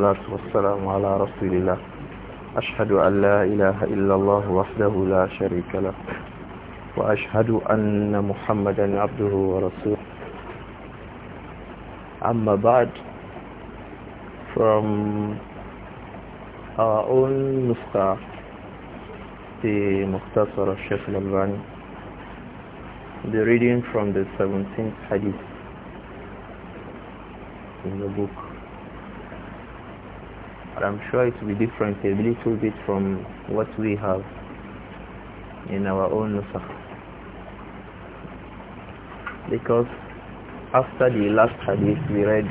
الصلاة والسلام على رسول الله أشهد أن لا إله إلا الله وحده لا شريك له وأشهد أن محمدا عبده ورسوله أما بعد from our own نسخة في مختصر الشيخ الألباني the reading from the 17th hadith in the book But I'm sure it will be different a little bit from what we have in our own nusakh. Because after the last hadith we read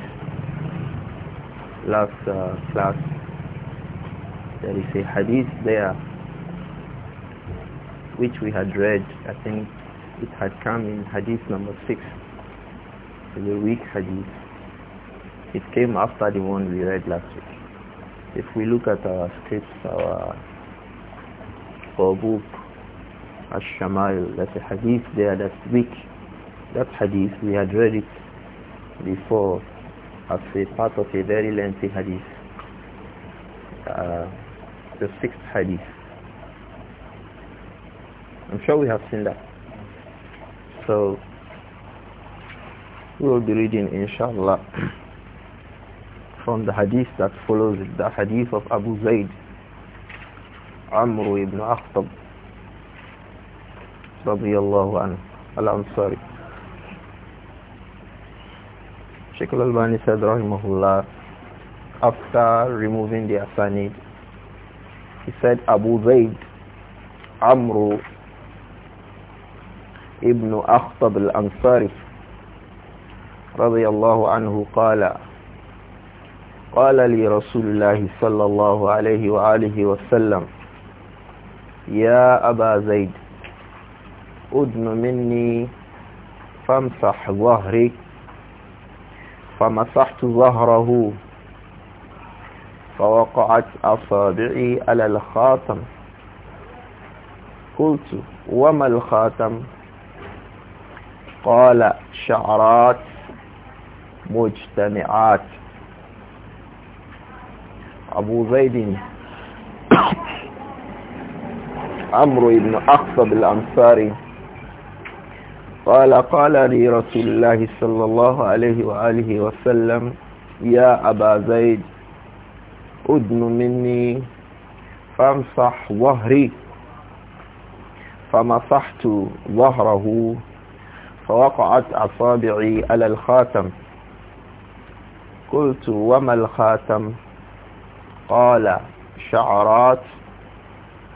last uh, class, there is a hadith there which we had read, I think it had come in hadith number 6, the weak hadith. It came after the one we read last week. If we look at our scripts, our, our book, Ash-Shamail, that's a hadith there that's weak. That hadith, we had read it before as a part of a very lengthy hadith. Uh, the sixth hadith. I'm sure we have seen that. So, we will be reading inshallah. from the hadith that follows it, the hadith of Abu Zayd, Amru ibn Akhtab, radiyallahu anhu, al-Ansari. Sheikh al-Albani said, rahimahullah, after removing the asanid, he said Abu Zayd, Amru ibn Akhtab al-Ansari, رضي الله عنه قال قال لي رسول الله صلى الله عليه وآله وسلم يا أبا زيد أدن مني فامسح ظهري فمسحت ظهره فوقعت أصابعي على الخاتم قلت وما الخاتم قال شعرات مجتمعات أبو زيد عمرو بن أخصب الأنصاري قال قال لي رسول الله صلى الله عليه وآله وسلم يا أبا زيد أدن مني فامسح ظهري فمسحت ظهره فوقعت أصابعي على الخاتم قلت وما الخاتم قال شعرات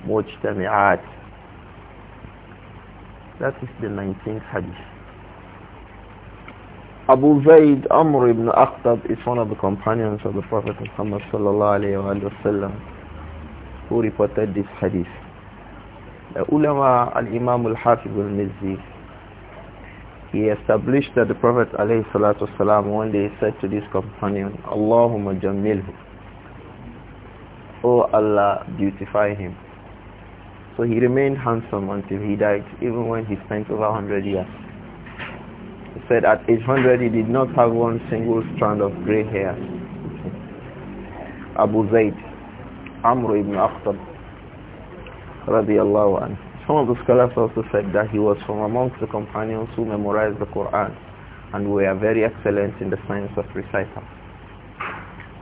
مجتمعات That is the 19th hadith. Abu Zayd Amr ibn Akhtab is one of the companions of the Prophet Muhammad sallallahu alayhi who reported this hadith. The ulama al-imam al-hafiz al-mizzi he established that the Prophet alayhi salatu wasalam one day said to this companion, Allahumma jammilhu O oh Allah, beautify him. So he remained handsome until he died, even when he spent over 100 years. He said at age 100 he did not have one single strand of gray hair. Abu Zayd, Amr ibn Akhtab, radiallahu anhu. Some of the scholars also said that he was from amongst the companions who memorized the Quran and were very excellent in the science of recital.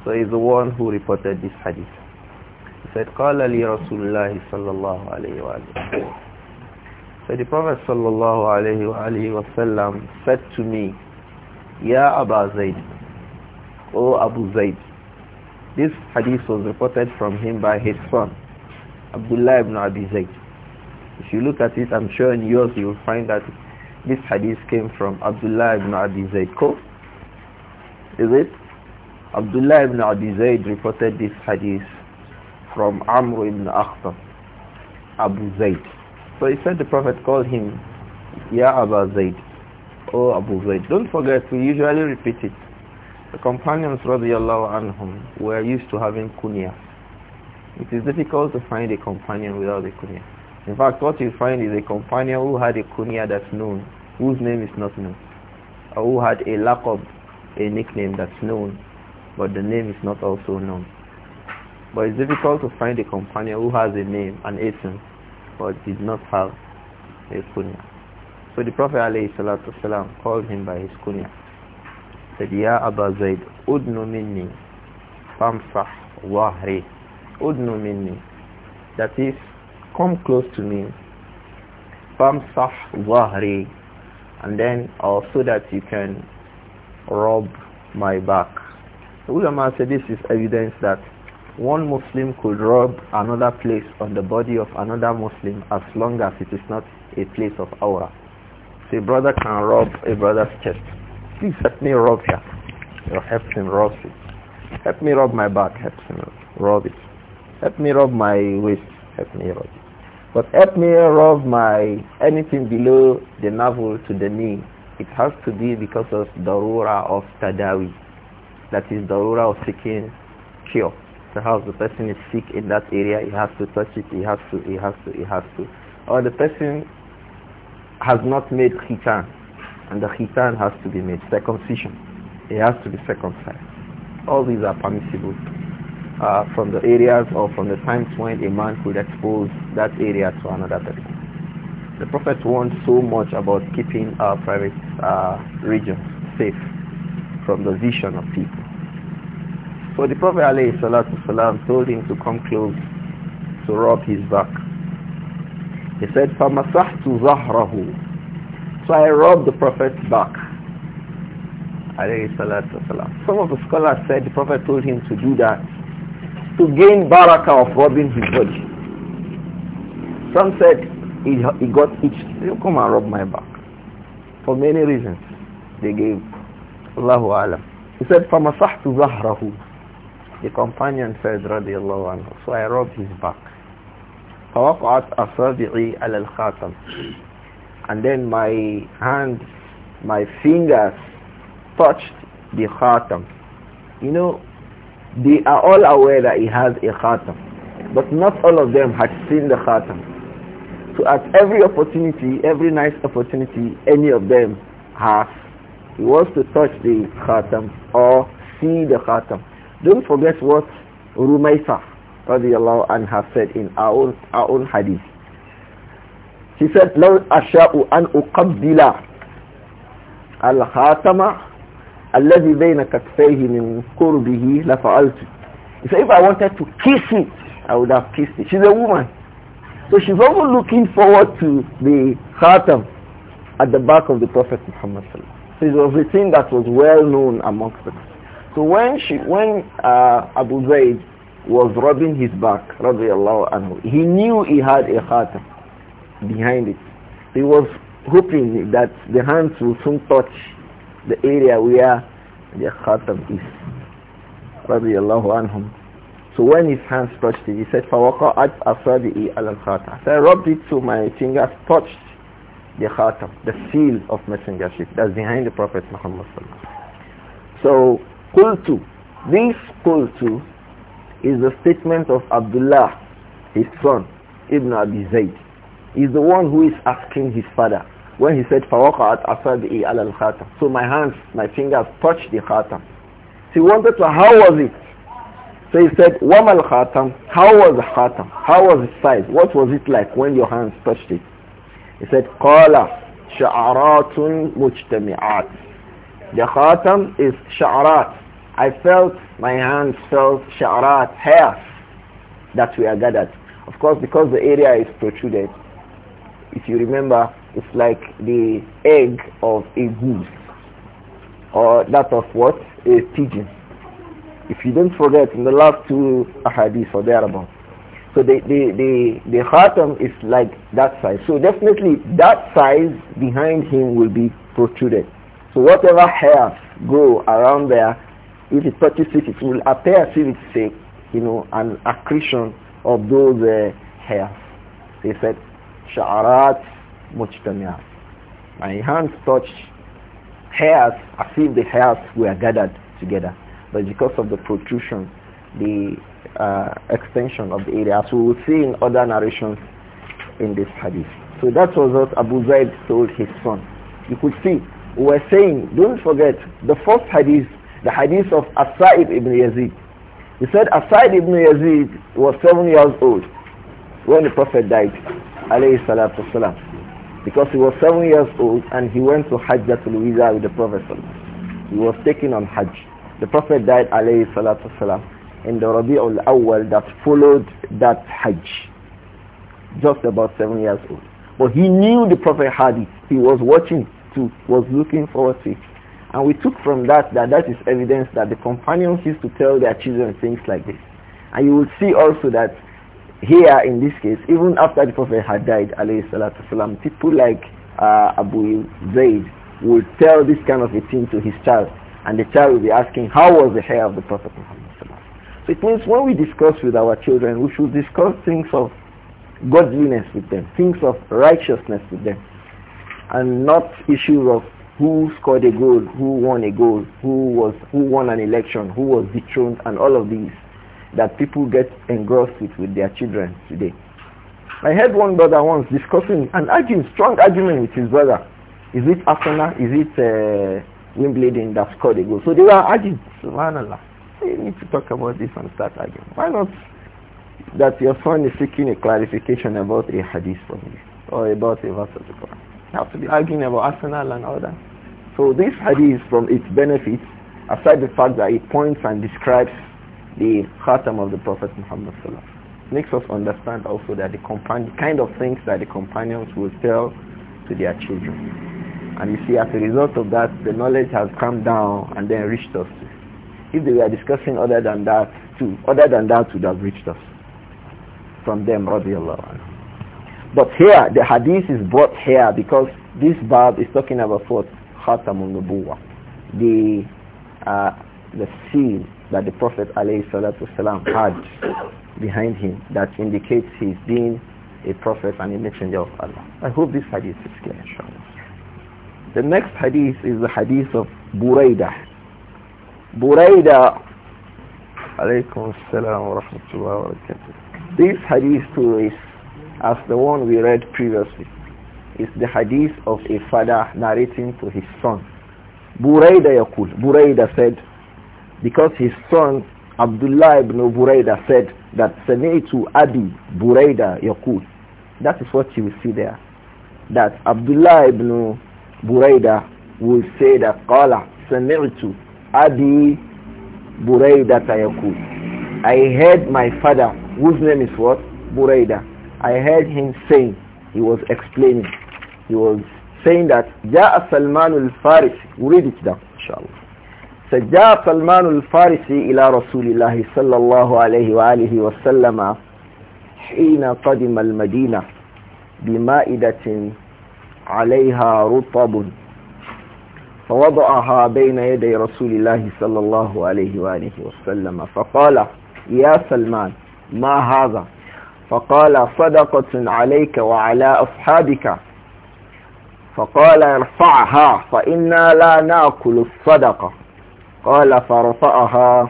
So he's the one who reported this hadith said, قال لي رسول الله صلى الله عليه وآله Said the Prophet صلى الله عليه وآله وسلم said to me, يا Abu زيد, O oh Abu Zaid. This hadith was reported from him by his son, Abdullah ibn Abi Zaid. If you look at it, I'm sure in yours you will find that this hadith came from Abdullah ibn Abi Zaid. Cool? Is it? Abdullah ibn Abi Zaid reported this hadith from Amr ibn Akhtab, Abu Zayd. So he said the Prophet called him, Ya Abu Zayd, O oh Abu Zayd. Don't forget, we usually repeat it. The companions, radiallahu anhum, were used to having kunya. It is difficult to find a companion without a kunya. In fact, what you find is a companion who had a kunya that's known, whose name is not known, or who had a laqab, a nickname that's known, but the name is not also known. But it's difficult to find a companion who has a name, a ism, but did not have a kunya. So the Prophet ﷺ called him by his kunya. Said, Ya Aba Zayd, udnu minni, famsah wahri, udnu minni. That is, come close to me, famsah wahri, and then also that you can rub my back. The ulama said this is evidence that one Muslim could rub another place on the body of another Muslim as long as it is not a place of aura. So a brother can rub a brother's chest. Please help me rub here. Or help him rub it. Help me rub my back. Help him rub it. Help me rub my waist. Help me rub it. But help me rub my anything below the navel to the knee. It has to be because of darura of tadawi. That is darura of seeking cure. Perhaps the person is sick in that area, he has to touch it, he has to, he has to, he has to. Or the person has not made khitan, and the khitan has to be made, circumcision. He has to be circumcised. All these are permissible uh, from the areas or from the times when a man could expose that area to another person. The Prophet warned so much about keeping our private uh, regions safe from the vision of people. So the Prophet ﷺ told him to come close to rub his back. He said, فَمَسَحْتُ ظَهْرَهُ So I rubbed the Prophet's back. Some of the scholars said the Prophet told him to do that to gain barakah of rubbing his body. Some said he, he got itched. You come and rub my back. For many reasons they gave. Allahu Alam. He said, فَمَسَحْتُ ظَهْرَهُ the companion said, radiallahu anhu, so I rubbed his back. And then my hand, my fingers touched the khatam. You know, they are all aware that he has a khatam. But not all of them had seen the khatam. So at every opportunity, every nice opportunity, any of them has, he wants to touch the khatam or see the khatam. Don't forget what Rumaysa radiallahu anha said in our own, our own hadith. She said, لو أشاء أن أقبل الخاتم الذي بين كتفيه من قربه لفعلت. He said, if I wanted to kiss it, I would have kissed it. She's a woman. So she's also looking forward to the khatam at the back of the Prophet Muhammad. So it was a thing that was well known amongst them. So when she, when uh, Abu Zayd was rubbing his back, anhu, he knew he had a heart behind it. He was hoping that the hands will soon touch the area where the heart is. Radiallahu anhum. So when his hands touched it, he said, فَوَقَعَتْ أَصَابِئِ عَلَى الْخَاتَمِ So I rubbed it to my fingers, touched the khatam, the seal of messengership that's behind the Prophet Muhammad So Qultu. This Qultu is the statement of Abdullah, his son, Ibn Abi Zayd. He's the one who is asking his father when he said, فَوَقَعَتْ أَصَابِئِ عَلَى الْخَاتَمِ So my hands, my fingers touched the khatam. So he wanted to, how was it? So he said, وَمَا الْخَاتَمِ How was the khatam? How was its size? What was it like when your hands touched it? He said, قَالَ شَعَرَاتٌ مُجْتَمِعَاتٌ The khatam is sha'arat, I felt, my hands felt shaarat hairs that are gathered. Of course, because the area is protruded, if you remember, it's like the egg of a goose or that of what? A pigeon. If you don't forget, in the last two ahadith or thereabouts. So the, the, the, the khatam is like that size. So definitely that size behind him will be protruded. So whatever hairs grow around there, if it touches it, it will appear as if it's a, you know, an accretion of those uh, hairs. They said, Sha'arat mujtamiyat. My hands touched hairs as if the hairs were gathered together. But because of the protrusion, the uh, extension of the area, as we will see in other narrations in this hadith. So that was what Abu Zaid told his son. You could see, we were saying, don't forget, the first hadith the hadith of as ibn Yazid. He said as ibn Yazid was seven years old when the Prophet died, alayhi salatu Because he was seven years old and he went to Hajjatul Wida with the Prophet. He was taken on Hajj. The Prophet died, alayhi salatu and in the Rabi'ul Awwal that followed that Hajj. Just about seven years old. But he knew the Prophet had it. He was watching too, was looking forward to it. And we took from that that that is evidence that the companions used to tell their children things like this. And you will see also that here in this case, even after the Prophet had died, والسلام, people like uh, Abu Zaid would tell this kind of a thing to his child. And the child will be asking, how was the hair of the Prophet Muhammad? So it means when we discuss with our children, we should discuss things of godliness with them, things of righteousness with them, and not issues of who scored a goal, who won a goal, who was who won an election, who was dethroned, and all of these that people get engrossed with with their children today. I heard one brother once discussing and arguing strong argument with his brother. Is it Arsenal? Is it uh, Wimbledon that scored a goal? So they were arguing. Subhanallah. you need to talk about this and start arguing. Why not that your son is seeking a clarification about a hadith from you or about a verse of the Quran? You have to be arguing about Arsenal and all that. So this hadith from its benefits, aside the fact that it points and describes the khatam of the Prophet Muhammad Sallallahu makes us understand also that the kind of things that the companions will tell to their children. And you see, as a result of that, the knowledge has come down and then reached us. If they were discussing other than that, too, other than that would have reached us from them, radiallahu anhu. But here, the hadith is brought here because this bab is talking about what? khatamun nubuwa the uh, the seal that the prophet alayhi had behind him that indicates is being a prophet and a messenger of Allah I hope this hadith is clear the next hadith is the hadith of Buraidah Buraidah this hadith too is as the one we read previously is the hadith of a father narrating to his son. Buraida Yakul. Buraida said, because his son Abdullah ibn Buraida said that Sami'tu Abi Buraida Yakul. That is what you will see there. That Abdullah ibn Buraida will say that Qala Sami'tu Abi Buraida Yakul. I heard my father, whose name is what? Buraida. I heard him saying, he was explaining he was saying that جاء سلمان الفارسي read it down inshallah فجاء سلمان الفارسي إلى رسول الله صلى الله عليه وآله وسلم حين قدم المدينة بمائدة عليها رطب فوضعها بين يدي رسول الله صلى الله عليه وآله وسلم فقال يا سلمان ما هذا فقال صدقة عليك وعلى أصحابك فقال ارفعها فإنا لا نأكل الصدقة قال فرفعها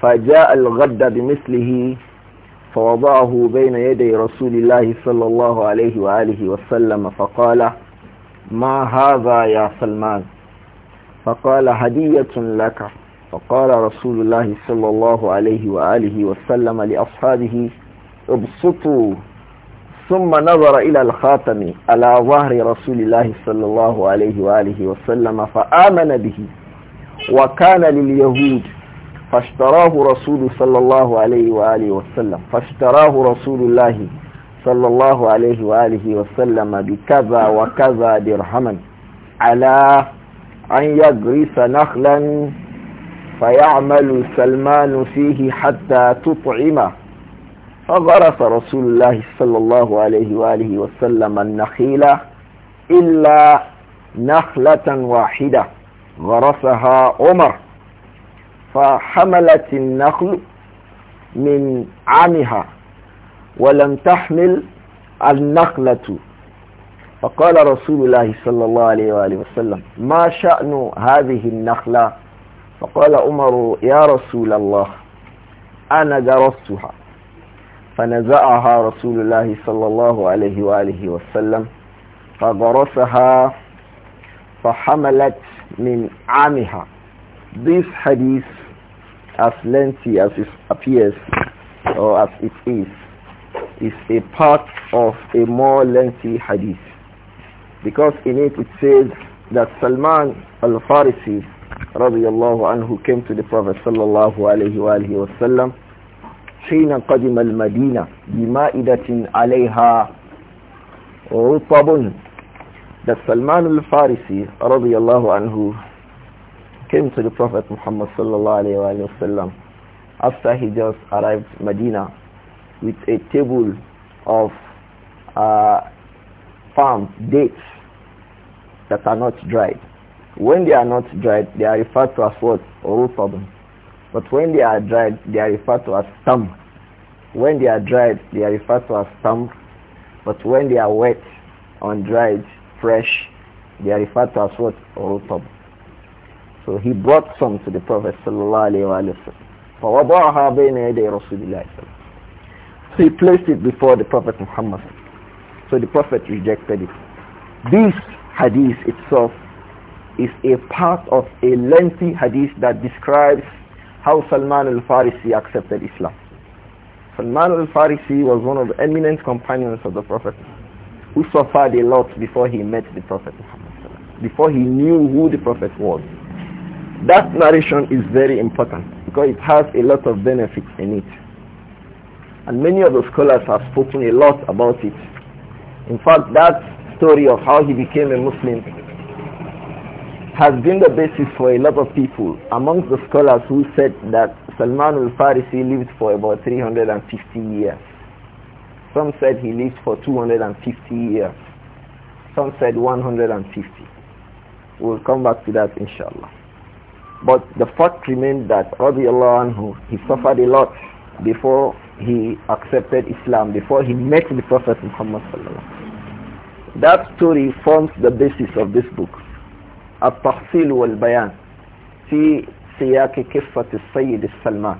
فجاء الغد بمثله فوضعه بين يدي رسول الله صلى الله عليه وآله وسلم فقال ما هذا يا سلمان فقال هدية لك فقال رسول الله صلى الله عليه وآله وسلم لأصحابه ابسطوا ثم نظر إلى الخاتم على ظهر رسول الله صلى الله عليه وآله وسلم فآمن به وكان لليهود فاشتراه رسول صلى الله عليه وآله وسلم فاشتراه رسول الله صلى الله عليه وآله وسلم بكذا وكذا درهما على أن يغرس نخلا فيعمل سلمان فيه حتى تطعمه فغرس رسول الله صلى الله عليه وآله وسلم النخيلة إلا نخلة واحدة غرسها عمر فحملت النخل من عامها ولم تحمل النخلة فقال رسول الله صلى الله عليه وآله وسلم ما شأن هذه النخلة فقال عمر يا رسول الله أنا درستها فنزعها رسول الله صلى الله عليه وآله وسلم فغرسها فحملت من عامها This hadith as lengthy as it appears or as it is is a part of a more lengthy hadith because in it it says that Salman al-Farisi radiyallahu who came to the Prophet عليه وآله وسلّم. حين قدم المدينة بمائدة عليها رطب that Salman al-Farisi radiyallahu anhu came to the Prophet Muhammad sallallahu alayhi wa وسلم after he just arrived Medina with a table of uh, palm dates that are not dried. When they are not dried, they are referred to as what? Rutabun. But when they are dried, they are referred to as tam. When they are dried, they are referred to as tam. But when they are wet, undried, fresh, they are referred to as what? Rutab. So he brought some to the Prophet sallallahu So he placed it before the Prophet Muhammad. So the Prophet rejected it. This hadith itself is a part of a lengthy hadith that describes how Salman al-Farisi accepted Islam. Salman al-Farisi was one of the eminent companions of the Prophet who suffered a lot before he met the Prophet before he knew who the Prophet was. That narration is very important because it has a lot of benefits in it. And many of the scholars have spoken a lot about it. In fact, that story of how he became a Muslim has been the basis for a lot of people, amongst the scholars who said that Salman al-Farisi lived for about 350 years. Some said he lived for 250 years. Some said 150. We'll come back to that inshallah. But the fact remains that radiallahu anhu, he suffered a lot before he accepted Islam, before he met the Prophet Muhammad That story forms the basis of this book. التحصيل والبيان في سياق كفة السيد السلمان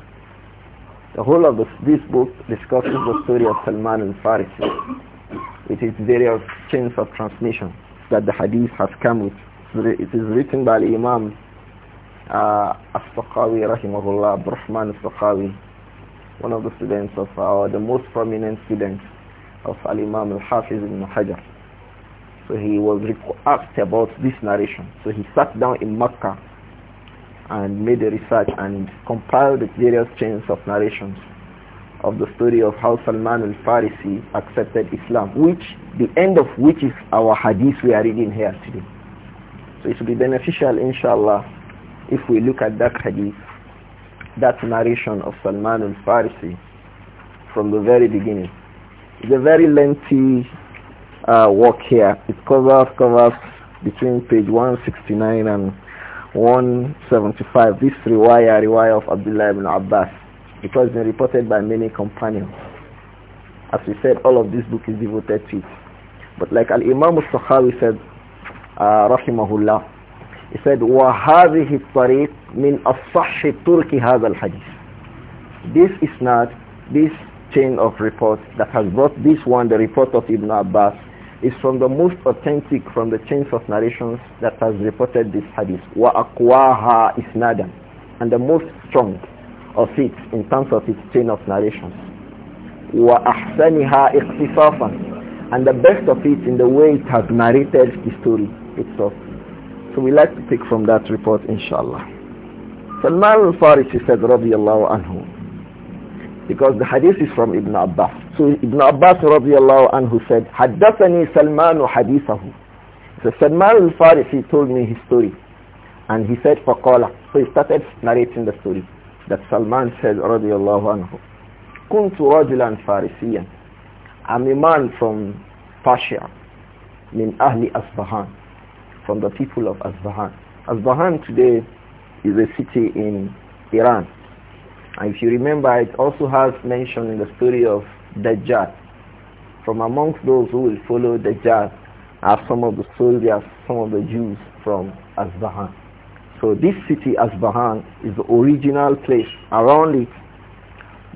The whole of this, this book discusses the story of Salman al-Farisi with its various chains of transmission that the hadith has come with. It is written by Imam uh, As-Saqawi rahimahullah, Abdurrahman as one of the students of our, the most prominent students of Al-Imam Al-Hafiz ibn Hajar. So he was asked about this narration. So he sat down in Makkah and made a research and compiled the various chains of narrations of the story of how Salman al-Farisi accepted Islam, which the end of which is our hadith we are reading here today. So it will be beneficial, inshallah, if we look at that hadith, that narration of Salman al-Farisi from the very beginning. It's a very lengthy uh, work here. It covers covers between page 169 and 175. This riwayah, riwayah of Abdullah ibn Abbas. It has been reported by many companions. As we said, all of this book is devoted to it. But like Al-Imam al-Sakhawi said, uh, rahimahullah, he said, وَهَذِهِ الطَّرِيقِ مِنْ أَصَّحِّ تُرْكِ هَذَا الْحَدِيثِ This is not, this chain of reports that has brought this one, the report of Ibn Abbas, is from the most authentic from the chains of narrations that has reported this hadith. Wa akwaha isnadan. And the most strong of it in terms of its chain of narrations. Wa ahsaniha iqtisafan. And the best of it in the way it has narrated the story itself. So we like to pick from that report inshallah. Salman al-Farisi said, رضي الله عنه, because the hadith is from Ibn Abbas. So Ibn Abbas radiallahu anhu said, حَدَّثَنِي سَلْمَانُ حَدِيثَهُ So Salman al-Farisi told me his story. And he said, فَقَالَ So he started narrating the story that Salman said radiallahu anhu, كُنْتُ رَجُلًا فَارِسِيًا I'm a man from Persia, min ahli Asbahan, from the people of Asbahan. Asbahan today is a city in Iran. And if you remember, it also has mentioned in the story of Dajjal. From amongst those who will follow Dajjal are some of the soldiers, some of the Jews from Asbahan. So this city, Asbahan, is the original place around it.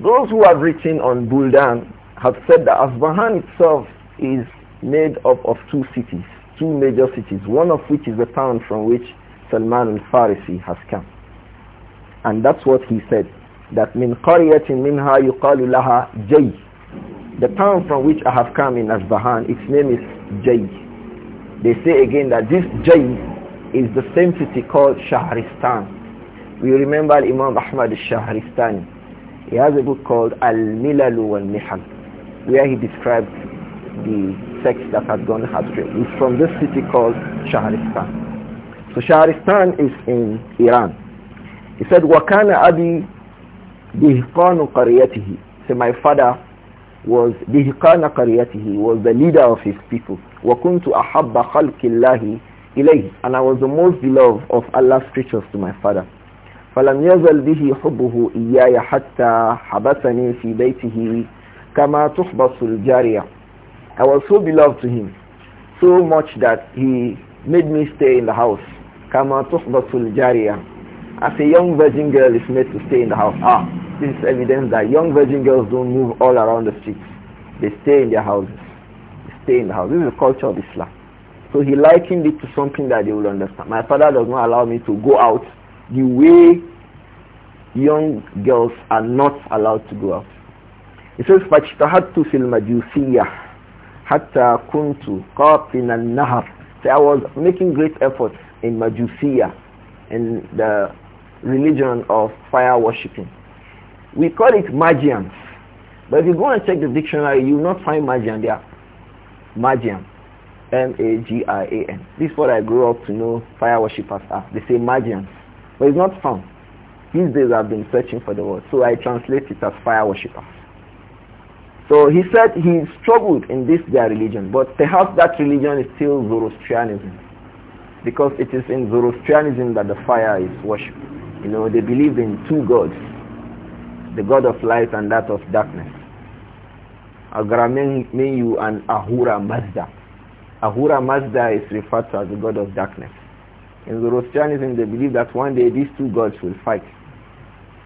Those who have written on Buldan have said that Asbahan itself is made up of two cities, two major cities, one of which is the town from which Salman al-Farisi has come. And that's what he said, that min قَرْيَةٍ مِنْهَا يُقَالُ لَهَا jay. The town from which I have come in Asbahan, its name is Jay. They say again that this Jay is the same city called Shahristan. We remember Imam Ahmad al-Shahristani. He has a book called al milalu wal-Nihal, where he describes the sex that has gone astray. It's from this city called Shahristan. So Shahristan is in Iran. He said, وَكَانَ أَبِي دِهْقَانُ قَرِيَتِهِ So my father was Dihikana Qaryatihi, was the leader of his people. وَكُنْتُ ahabba خَلْقِ اللَّهِ And I was the most beloved of Allah's creatures to my father. Falam يزل bihi حبه إياي حتى habasani fi بيته kama تحبس الجارية I was so beloved to him so much that he made me stay in the house kama تحبس الجارية as a young virgin girl is made to stay in the house. Ah, this is evidence that young virgin girls don't move all around the streets. They stay in their houses. They stay in the house. This is the culture of Islam. So he likened it to something that they would understand. My father does not allow me to go out the way young girls are not allowed to go out. He says, فَاجْتَهَدْتُ فِي الْمَجُوسِيَّةِ حَتَّى كُنْتُ قَاطِنَ النَّهَرِ So I was making great efforts in Majusiya, in the religion of fire worshipping. We call it magians. But if you go and check the dictionary, you will not find magian there. Magian. M-A-G-I-A-N. This is what I grew up to know fire worshippers are. They say magians. But it's not found. These days I've been searching for the word. So I translate it as fire worshippers. So he said he struggled in this their religion, but perhaps that religion is still Zoroastrianism because it is in Zoroastrianism that the fire is worshipped. You know, they believed in two gods, the god of light and that of darkness. Agramenyu and Ahura Mazda. Ahura Mazda is referred to as the god of darkness. In Zoroastrianism, they believe that one day these two gods will fight.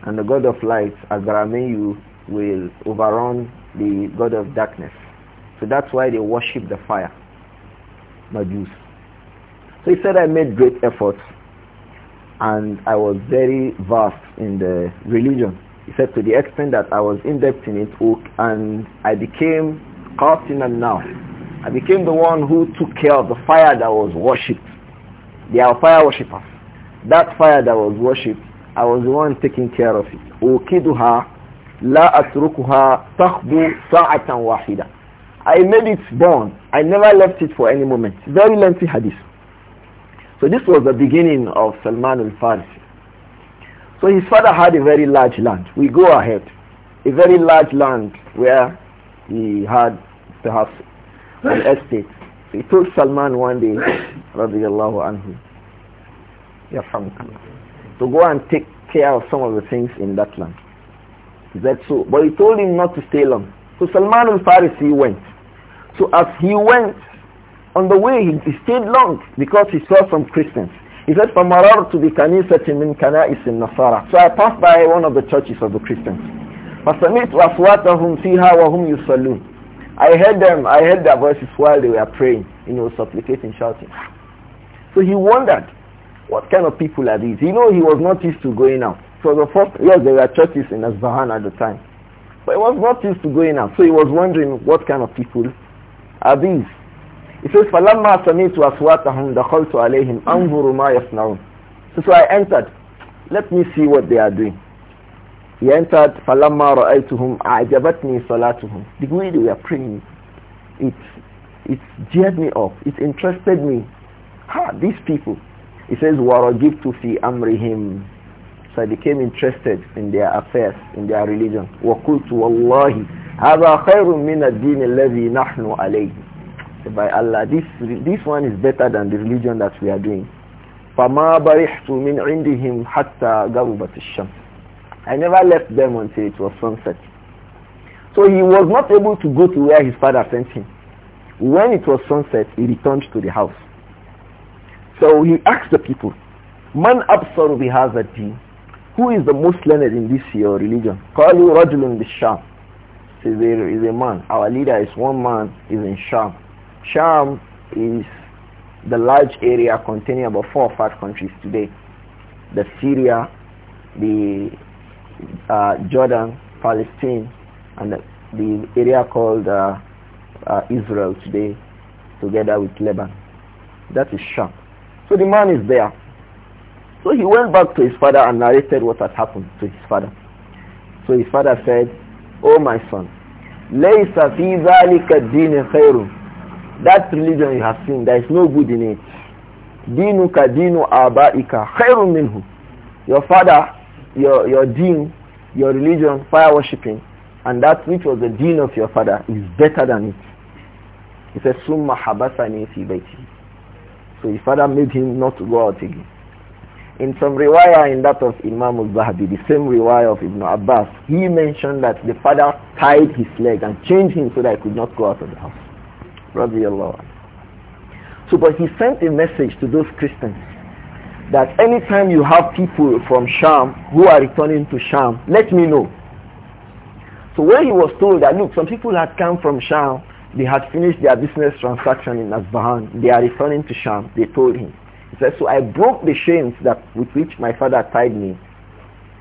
And the god of light, Agramenyu, will overrun the god of darkness. So that's why they worship the fire, not So he said, I made great efforts and I was very vast in the religion. He said to the extent that I was in-depth in it oh, and I became Qatinan now. I became the one who took care of the fire that was worshipped. They are fire worshippers. That fire that was worshipped, I was the one taking care of it. أوكدها La أتركها I made it burn. I never left it for any moment. Very lengthy hadith. So this was the beginning of Salman al-Farsi. So his father had a very large land. We go ahead. A very large land where he had perhaps an estate. So he told Salman one day, radiallahu anhu, to go and take care of some of the things in that land. Is that so? But he told him not to stay long. So Salman al-Farisi went. So as he went, on the way, he stayed long because he saw some Christians. He said, to فَمَرَرْتُ بِكَنِيسَةٍ مِنْ in Nasara." So I passed by one of the churches of the Christians. فَسَمِعْتُ أَصْوَاتَهُمْ فِيهَا وَهُمْ يُصَلُّونَ I heard them, I heard their voices while they were praying, you know, supplicating, shouting. So he wondered, what kind of people are these? You know, he was not used to going out. So the first, yes, there were churches in Azbahan at the time. But he was not used to going out. So he was wondering, what kind of people are these? He says, "Falamma سَمِيتُ أَصْوَاتَهُمْ دَخَلْتُ عَلَيْهِمْ أَنْظُرُ مَا يَصْنَعُونَ So I entered. Let me see what they are doing. He entered, فَلَمَّا رَأَيْتُهُمْ أَعْجَبَتْنِي صَلَاتُهُمْ The way they are praying, it, it geared me up. It interested me. Ha, these people. He says, وَرَجِبْتُ فِي amrihim." So I became interested in their affairs, in their religion. وَقُلْتُ وَاللَّهِ هَذَا خَيْرٌ مِنَ الدِّينِ الَّذِي نَحْنُ عَلَيْهِ by Allah, this, this one is better than the religion that we are doing. فَمَا بَرِحْتُ مِنْ عِنْدِهِمْ حَتَّى غَرُبَتِ الشَّمْسِ I never left them until it was sunset. So he was not able to go to where his father sent him. When it was sunset, he returned to the house. So he asked the people, Man absar bihaza deen? Who is the most learned in this your religion? قالوا رجل بالشام. He is a man. Our leader is one man, is in Sham. Sham is the large area containing about four or five countries today. The Syria, the uh, Jordan, Palestine, and the, the area called uh, uh, Israel today, together with Lebanon. That is Sham. So the man is there. So he went back to his father and narrated what had happened to his father. So his father said, "O oh my son, لَيْسَ فِي ذَلِكَ الدِّينِ خَيْرٌ that religion you have seen, there is no good in it. Dinuka dinu abaika khairun minhu. Your father, your, your deen, your religion, fire worshipping, and that which was the deen of your father is better than it. He says, Summa habasani fi baiti. So his father made him not to go out again. In some riwayah in that of Imam al-Zahabi, the same riwayah of Ibn Abbas, he mentioned that the father tied his leg and chained him so that he could not go out of the house. So, but he sent a message to those Christians that anytime you have people from Sham who are returning to Sham, let me know. So when he was told that, look, some people had come from Sham, they had finished their business transaction in Asbahan, they are returning to Sham, they told him. He said, so I broke the chains that with which my father tied me,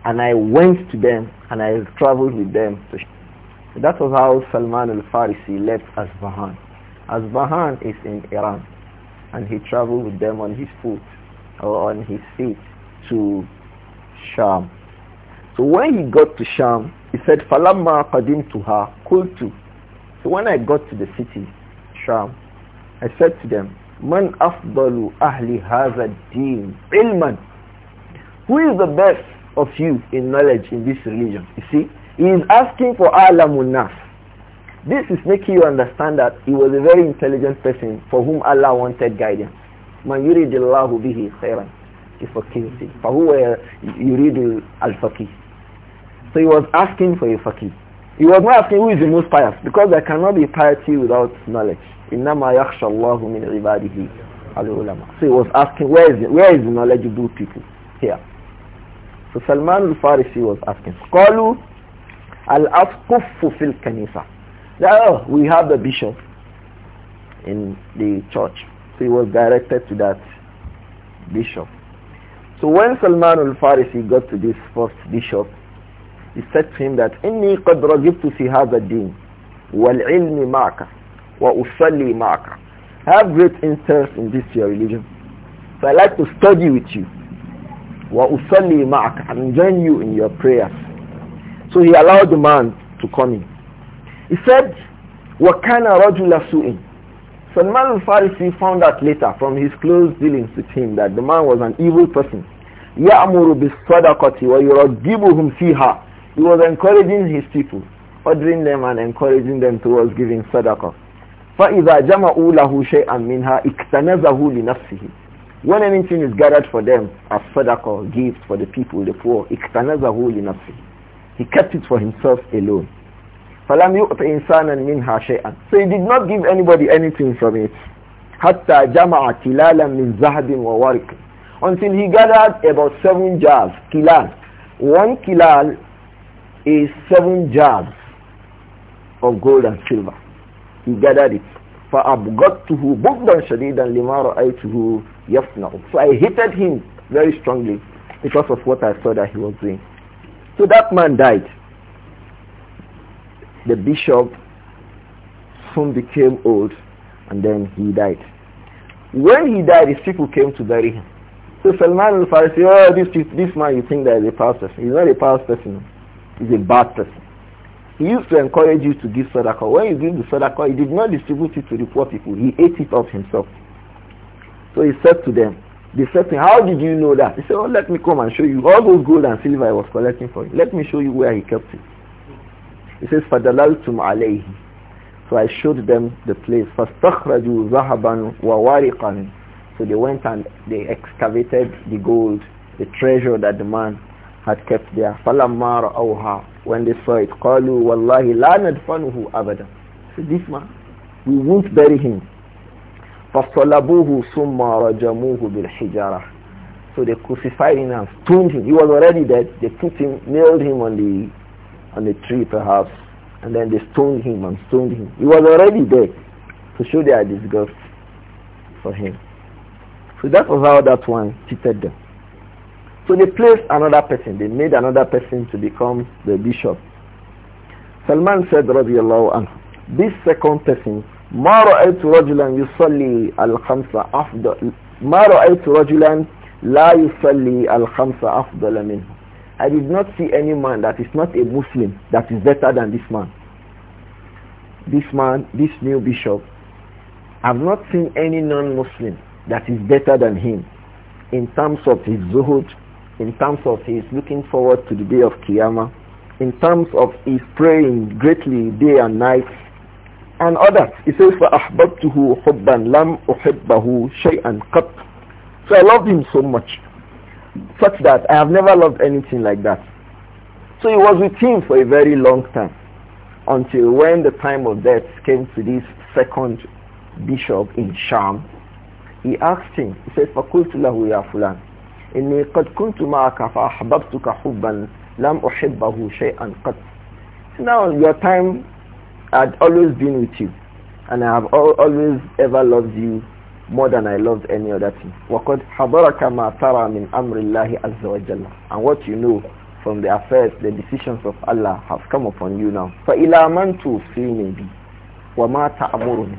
and I went to them, and I traveled with them. So that was how Salman al-Farisi left Asbahan. Asbahan is in Iran and he traveled with them on his foot or on his feet to Sham. So when he got to Sham, he said, Falamma Qadim Tuha Kultu. So when I got to the city, Sham, I said to them, Man afdalu ahli haza deen ilman. Who is the best of you in knowledge in this religion? You see, he is asking for alamun nas. This is making you understand that he was a very intelligent person for whom Allah wanted guidance. Man yuridillahu bihi khairan yufaqihhi. Fahuwa yuridu al-faqih. So he was asking for a faqih. He was not asking who is the most pious because there cannot be piety without knowledge. إِنَّمَا يَخْشَى اللَّهُ مِنْ عِبَادِهِ الْعُلَمَاء So he was asking where is the, where is the knowledgeable people here? So Salman al-Farisi was asking. al الْأَسْقُفُ fulfill الْكَنِيسَةِ Oh, we have the bishop in the church. So he was directed to that bishop. So when Salman al-Farisi got to this first bishop, he said to him that, إِنِّي قَدْ رَجِبْتُ فِي هَذَا الدِّينِ وَالْعِلْمِ مَعْكَ وَأُصَلِّي مَعْكَ I have great interest in this your religion. So I like to study with you. وَأُصَلِّي مَعْكَ and join you in your prayers. So he allowed the man to come in. He said, وَكَانَ رَجُلَ سُوءٍ Salman al Pharisee found out later from his close dealings with him that the man was an evil person. يَأْمُرُ بِالصَّدَقَةِ وَيُرَغِّبُهُمْ فِيهَا He was encouraging his people, ordering them and encouraging them towards giving sadaqah. فَإِذَا جَمَعُوا لَهُ شَيْئًا مِنْهَا اِكْتَنَزَهُ لِنَفْسِهِ When anything is gathered for them as sadaqah, gifts for the people, the poor, اِكْتَنَزَهُ لِنَفْسِهِ He kept it for himself alone. فَلَمْ يُؤْتِ إِنسَانًا مِنْهَا شَيْئًا So he did not give anybody anything from it. حَتَّى جَمَعَ كِلَالًا مِنْ Until he gathered about seven jars, kilal. One kilal is seven jars of gold and silver. He gathered it. فَأَبْغَضْتُهُ بُغْضًا شَدِيدًا لِمَا رَأَيْتُهُ يَفْنَعُ So I hated him very strongly because of what I saw that he was doing. So that man died. The bishop soon became old and then he died. When he died, his people came to bury him. So Salman al-Farsi, oh, this, this man you think that is a pastor? He's not a pious person. He's a bad person. He used to encourage you to give sadaqah. When you give the sadaqah, he did not distribute it to the poor people. He ate it up himself. So he said to them, they said to him, how did you know that? He said, oh, let me come and show you. All those gold and silver I was collecting for you. Let me show you where he kept it. He says, فَدَلَلْتُمْ عَلَيْهِ So I showed them the place. فَاسْتَخْرَجُوا ذَهَبًا وَوَارِقًا So they went and they excavated the gold, the treasure that the man had kept there. فَلَمَّا رَأَوْهَا When they saw it, قَالُوا وَاللَّهِ لَا نَدْفَنُهُ أَبَدًا So this man, we won't bury him. فَصَلَبُوهُ ثُمَّ رَجَمُوهُ بِالْحِجَارَةِ So they crucified him and stoned him. He was already dead. They put him, nailed him on the on a tree perhaps, and then they stoned him and stoned him. He was already dead to show their disgust for him. So that was how that one cheated them. So they placed another person. They made another person to become the bishop. Salman said, radiallahu anhu, this second person, ما رأيت رجلا يصلي الخمسة أفضل ما رأيت رجلا لا يصلي الخمسة أفضل منه I did not see any man that is not a Muslim that is better than this man. This man, this new bishop, I've not seen any non-Muslim that is better than him in terms of his zuhud, in terms of his looking forward to the day of Qiyamah, in terms of his praying greatly day and night, and others. He says, فَأَحْبَبْتُهُ حُبًّا لَمْ أُحِبَّهُ شَيْئًا قَطْ So I loved him so much such that I have never loved anything like that. So he was with him for a very long time until when the time of death came to this second bishop in Sham, he asked him, he said, فَقُلْتُ لَهُ يَا فُلَانِ إِنِّي قَدْ كُنْتُ مَعَكَ فَأَحْبَبْتُكَ حُبًّا لَمْ أُحِبَّهُ شَيْئًا قَدْ Now your time had always been with you and I have always ever loved you more than I loved any other thing. وَقَدْ حَضَرَكَ مَا تَرَى مِنْ أَمْرِ اللَّهِ عَزَّ وَجَلَّ And what you know from the affairs, the decisions of Allah have come upon you now. فَإِلَى مَنْ تُوْفِينِ بِي وَمَا تَأْمُرُنِ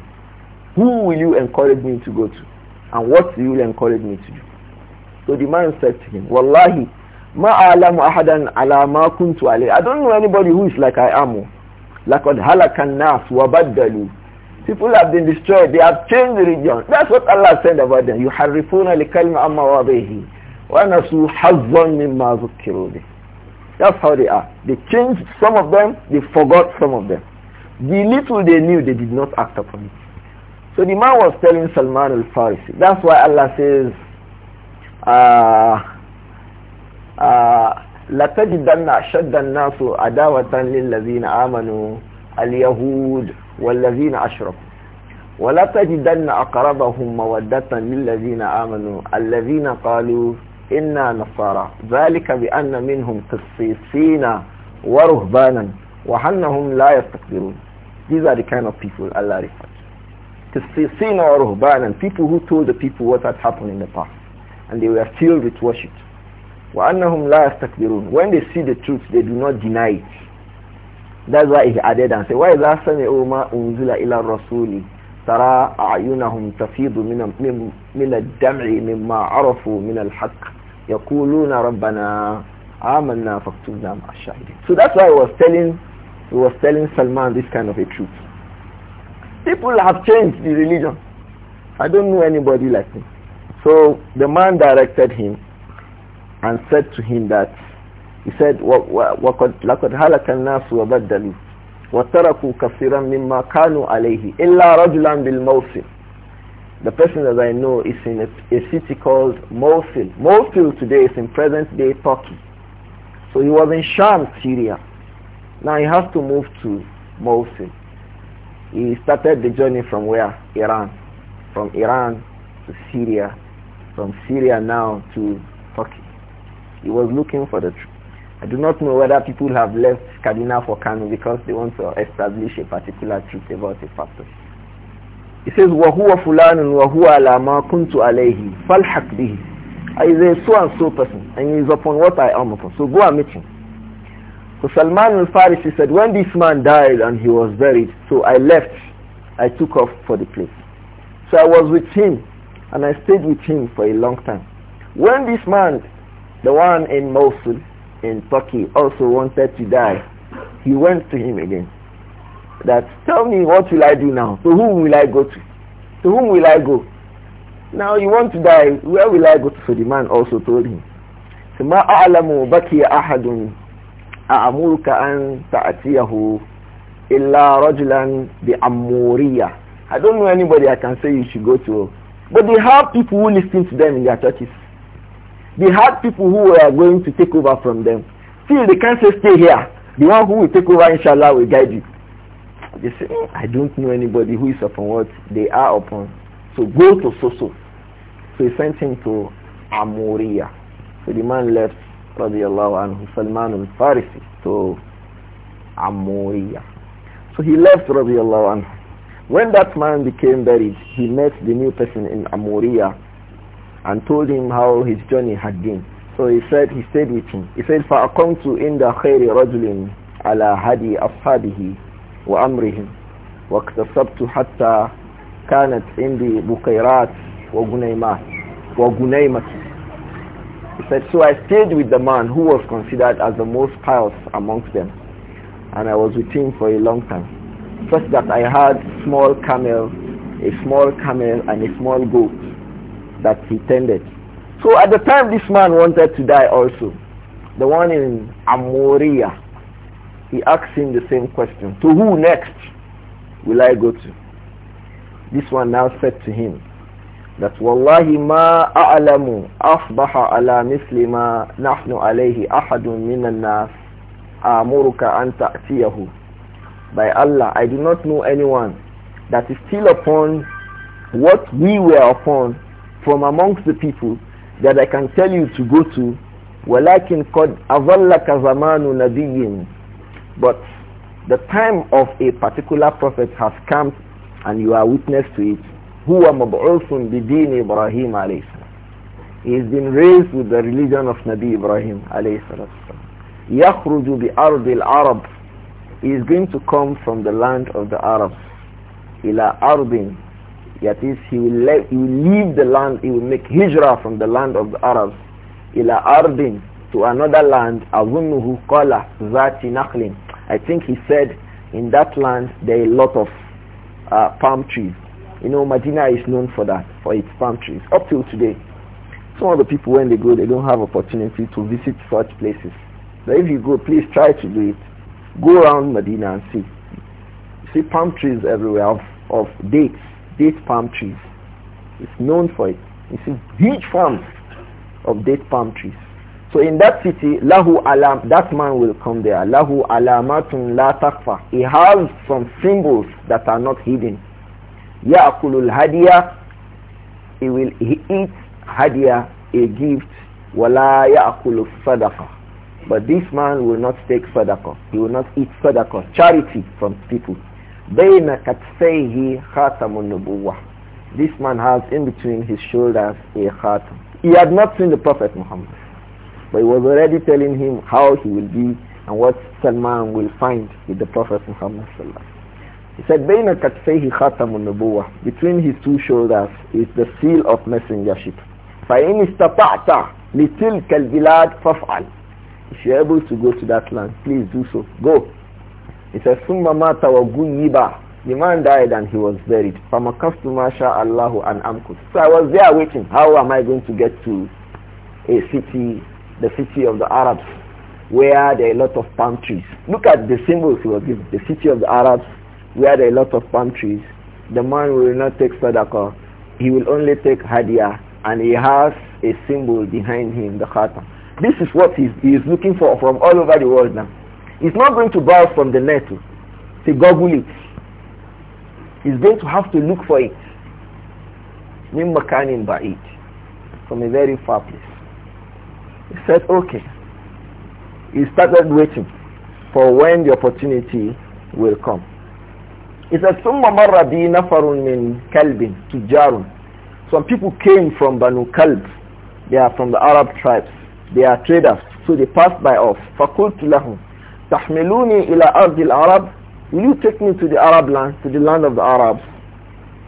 Who will you encourage me to go to? And what will you encourage me to do? So the man said to him, Wallahi, ma alamu ahadan ala ma kuntu alayhi. I don't know anybody who is like I am. لَقَدْ هَلَكَ النَّاسُ وَبَدَّلُوا People have been destroyed. They have changed religion. That's what Allah said about them. You يُحَرِّفُونَ لِكَلْمَ أَمَّا وَضَيْهِ وَنَسُوا حَظًّا مِمَّا ذُكِّرُوا بِهِ That's how they are. They changed some of them. They forgot some of them. The little they knew, they did not act upon it. So the man was telling Salman al-Farisi. That's why Allah says, uh, uh, لَتَجِدَنَّ أَشَدَّ النَّاسُ عَدَاوَةً لِلَّذِينَ آمَنُوا الْيَهُودِ والذين أشرفوا ولا تجدن أقربهم مودة للذين آمنوا الذين قالوا إنا نصارى ذلك بأن منهم قصيصين ورهبانا وحنهم لا يستكبرون These are the kind of people Allah refers to. Qisisina or Ruhbanan, people who told the people what had happened in the past. And they were filled with worship. وَأَنَّهُمْ لَا يَسْتَكْبِرُونَ When they see the truth, they do not deny it. That's why he added and said, "Why وَإِذَا سَمِعُوا مَا أُنزِلَ إِلَى الرَّسُولِ تَرَى أَعْيُنَهُم تَفِيضُ مِنَ الدَّمْعِ مِمَّا عَرَفُوا مِنَ الْحَقِّ يَقُولُونَ رَبَّنَا آمَنَّا فَاكْتُبْنَا مَعَ الشَّاهِدِينَ So that's why I was telling he was telling Salman this kind of a truth. People have changed the religion. I don't know anybody like me. So the man directed him and said to him that he said, وَقَدْ لَقَدْ هَلَكَ النَّاسُ وَبَدَّلُوا وَتَرَكُوا كَثِيرًا مِمَّا كَانُوا عَلَيْهِ إِلَّا رَجُلًا بِالْمَوْسِمِ The person that I know is in a, a city called Mosul. Mosul today is in present-day Turkey. So he was in Sham, Syria. Now he has to move to Mosul. He started the journey from where? Iran. From Iran to Syria. From Syria now to Turkey. He was looking for the truth. I do not know whether people have left Kaduna for Kano because they want to establish a particular truth about a factor. It says, وَهُوَ فُلَانٌ وَهُوَ عَلَى مَا كُنْتُ عَلَيْهِ فَالْحَقْ بِهِ Is a so-and-so person, and he is upon what I am upon. So go and meet him. So Salman al-Farisi said, when this man died and he was buried, so I left. I took off for the place. So I was with him, and I stayed with him for a long time. When this man, the one in Mosul, in Turkey also wanted to die. He went to him again. That tell me what will I do now? To whom will I go to? To whom will I go? Now you want to die, where will I go to? So the man also told him. I don't know anybody I can say you should go to. But they have people who listen to them in their churches. They had people who were going to take over from them. Still, they can't say stay here. The one who will take over, inshallah, will guide you. They say, eh, I don't know anybody who is upon what they are upon. So go to Soso. So he sent him to Amoria. So the man left, radiallahu anhu, Salman al-Farisi to Amoria. So he left, radiallahu anhu. When that man became buried, he met the new person in Amoria and told him how his journey had been. So he said he stayed with him. He said, فَأَقَمْتُ إِنْدَ خَيْرِ رَجُلٍ عَلَى هَدِي أَصْحَابِهِ وَأَمْرِهِمْ وَاكْتَصَبْتُ حَتَّى كَانَتْ عِنْدِي بُقَيْرَاتِ wa وَغُنَيْمَةِ He said, so I stayed with the man who was considered as the most pious amongst them. And I was with him for a long time. Such that I had small camel, a small camel and a small goat that he tended. So at the time this man wanted to die also, the one in Amoria, he asked him the same question. To who next will I go to? This one now said to him that Wallahi ma a'lamu asbaha ala misli ma nahnu alayhi ahadun minan nas amuruka an ta'tiyahu. By Allah, I do not know anyone that is still upon what we were upon from amongst the people that I can tell you to go to ولكن قد أظلك زمان نبي but the time of a particular prophet has come and you are witness to it هو مبعوث بدين إبراهيم عليه السلام he has been raised with the religion of Nabi Ibrahim عليه يخرج بأرض العرب he is going to come from the land of the Arabs إلى أرض that is, he will, let, he will leave the land, he will make hijrah from the land of the Arabs, ila ardin, to another land, azunnuhu qala zati nakhlin. I think he said, in that land there are a lot of uh, palm trees. You know, Medina is known for that, for its palm trees, up till today. Some of the people, when they go, they don't have opportunity to visit such places. But if you go, please try to do it. Go around Medina and see. see palm trees everywhere of, of dates date palm trees. It's known for it. It's a huge farm of date palm trees. So in that city, lahu alam, that man will come there. Lahu alamatun la takfa. He has some symbols that are not hidden. Ya'kulul hadia. he will he eat hadia, a gift, wala ya'kulu sadaqa. But this man will not take sadaqah. He will not eat sadaqah, charity from people. بين كتفيه خاتم النبوة This man has in between his shoulders a khatam. He had not seen the Prophet Muhammad. But he was already telling him how he will be and what Salman will find with the Prophet Muhammad He said, بين كتفيه خاتم النبوة Between his two shoulders is the seal of messengership. فإن استطعت لتلك البلاد فافعل If you're able to go to that land, please do so. Go. He says, Summa mata wa gunyiba. The man died and he was buried. Famakastu masha Allahu an amkus. So I was there waiting. How am I going to get to a city, the city of the Arabs, where there are a lot of palm trees? Look at the symbols he was given. The city of the Arabs, where there are a lot of palm trees. The man will not take sadaqah. He will only take hadiah. And he has a symbol behind him, the khatam. This is what he he's looking for from all over the world now. He's not going to buy from the net to goggle it. He's going to have to look for it. Min buy it From a very far place. He said, okay. He started waiting for when the opportunity will come. He said, ثُمَّ مَرَّ nafarun نَفَرٌ مِّن كَلْبٍ Some people came from Banu Kalb. They are from the Arab tribes. They are traders. So they passed by us. فَقُلْتُ لَهُمْ tahmiluni ila arab will you take me to the arab land to the land of the arabs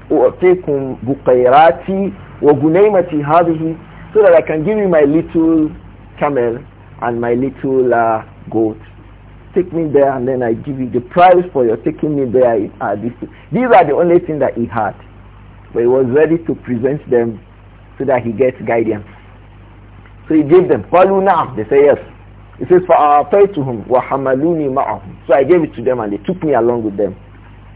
u'tikum buqayrati wa gunaymati hadhihi so that i can give you my little camel and my little uh, goat take me there and then i give you the price for your taking me there uh, these are the only thing that he had but he was ready to present them so that he gets guidance so he gave them Follow now. they say yes he says, فَأَعْطَيْتُهُمْ وَحَمَلُونِي مَعَهُمْ So I gave it to them and they took me along with them.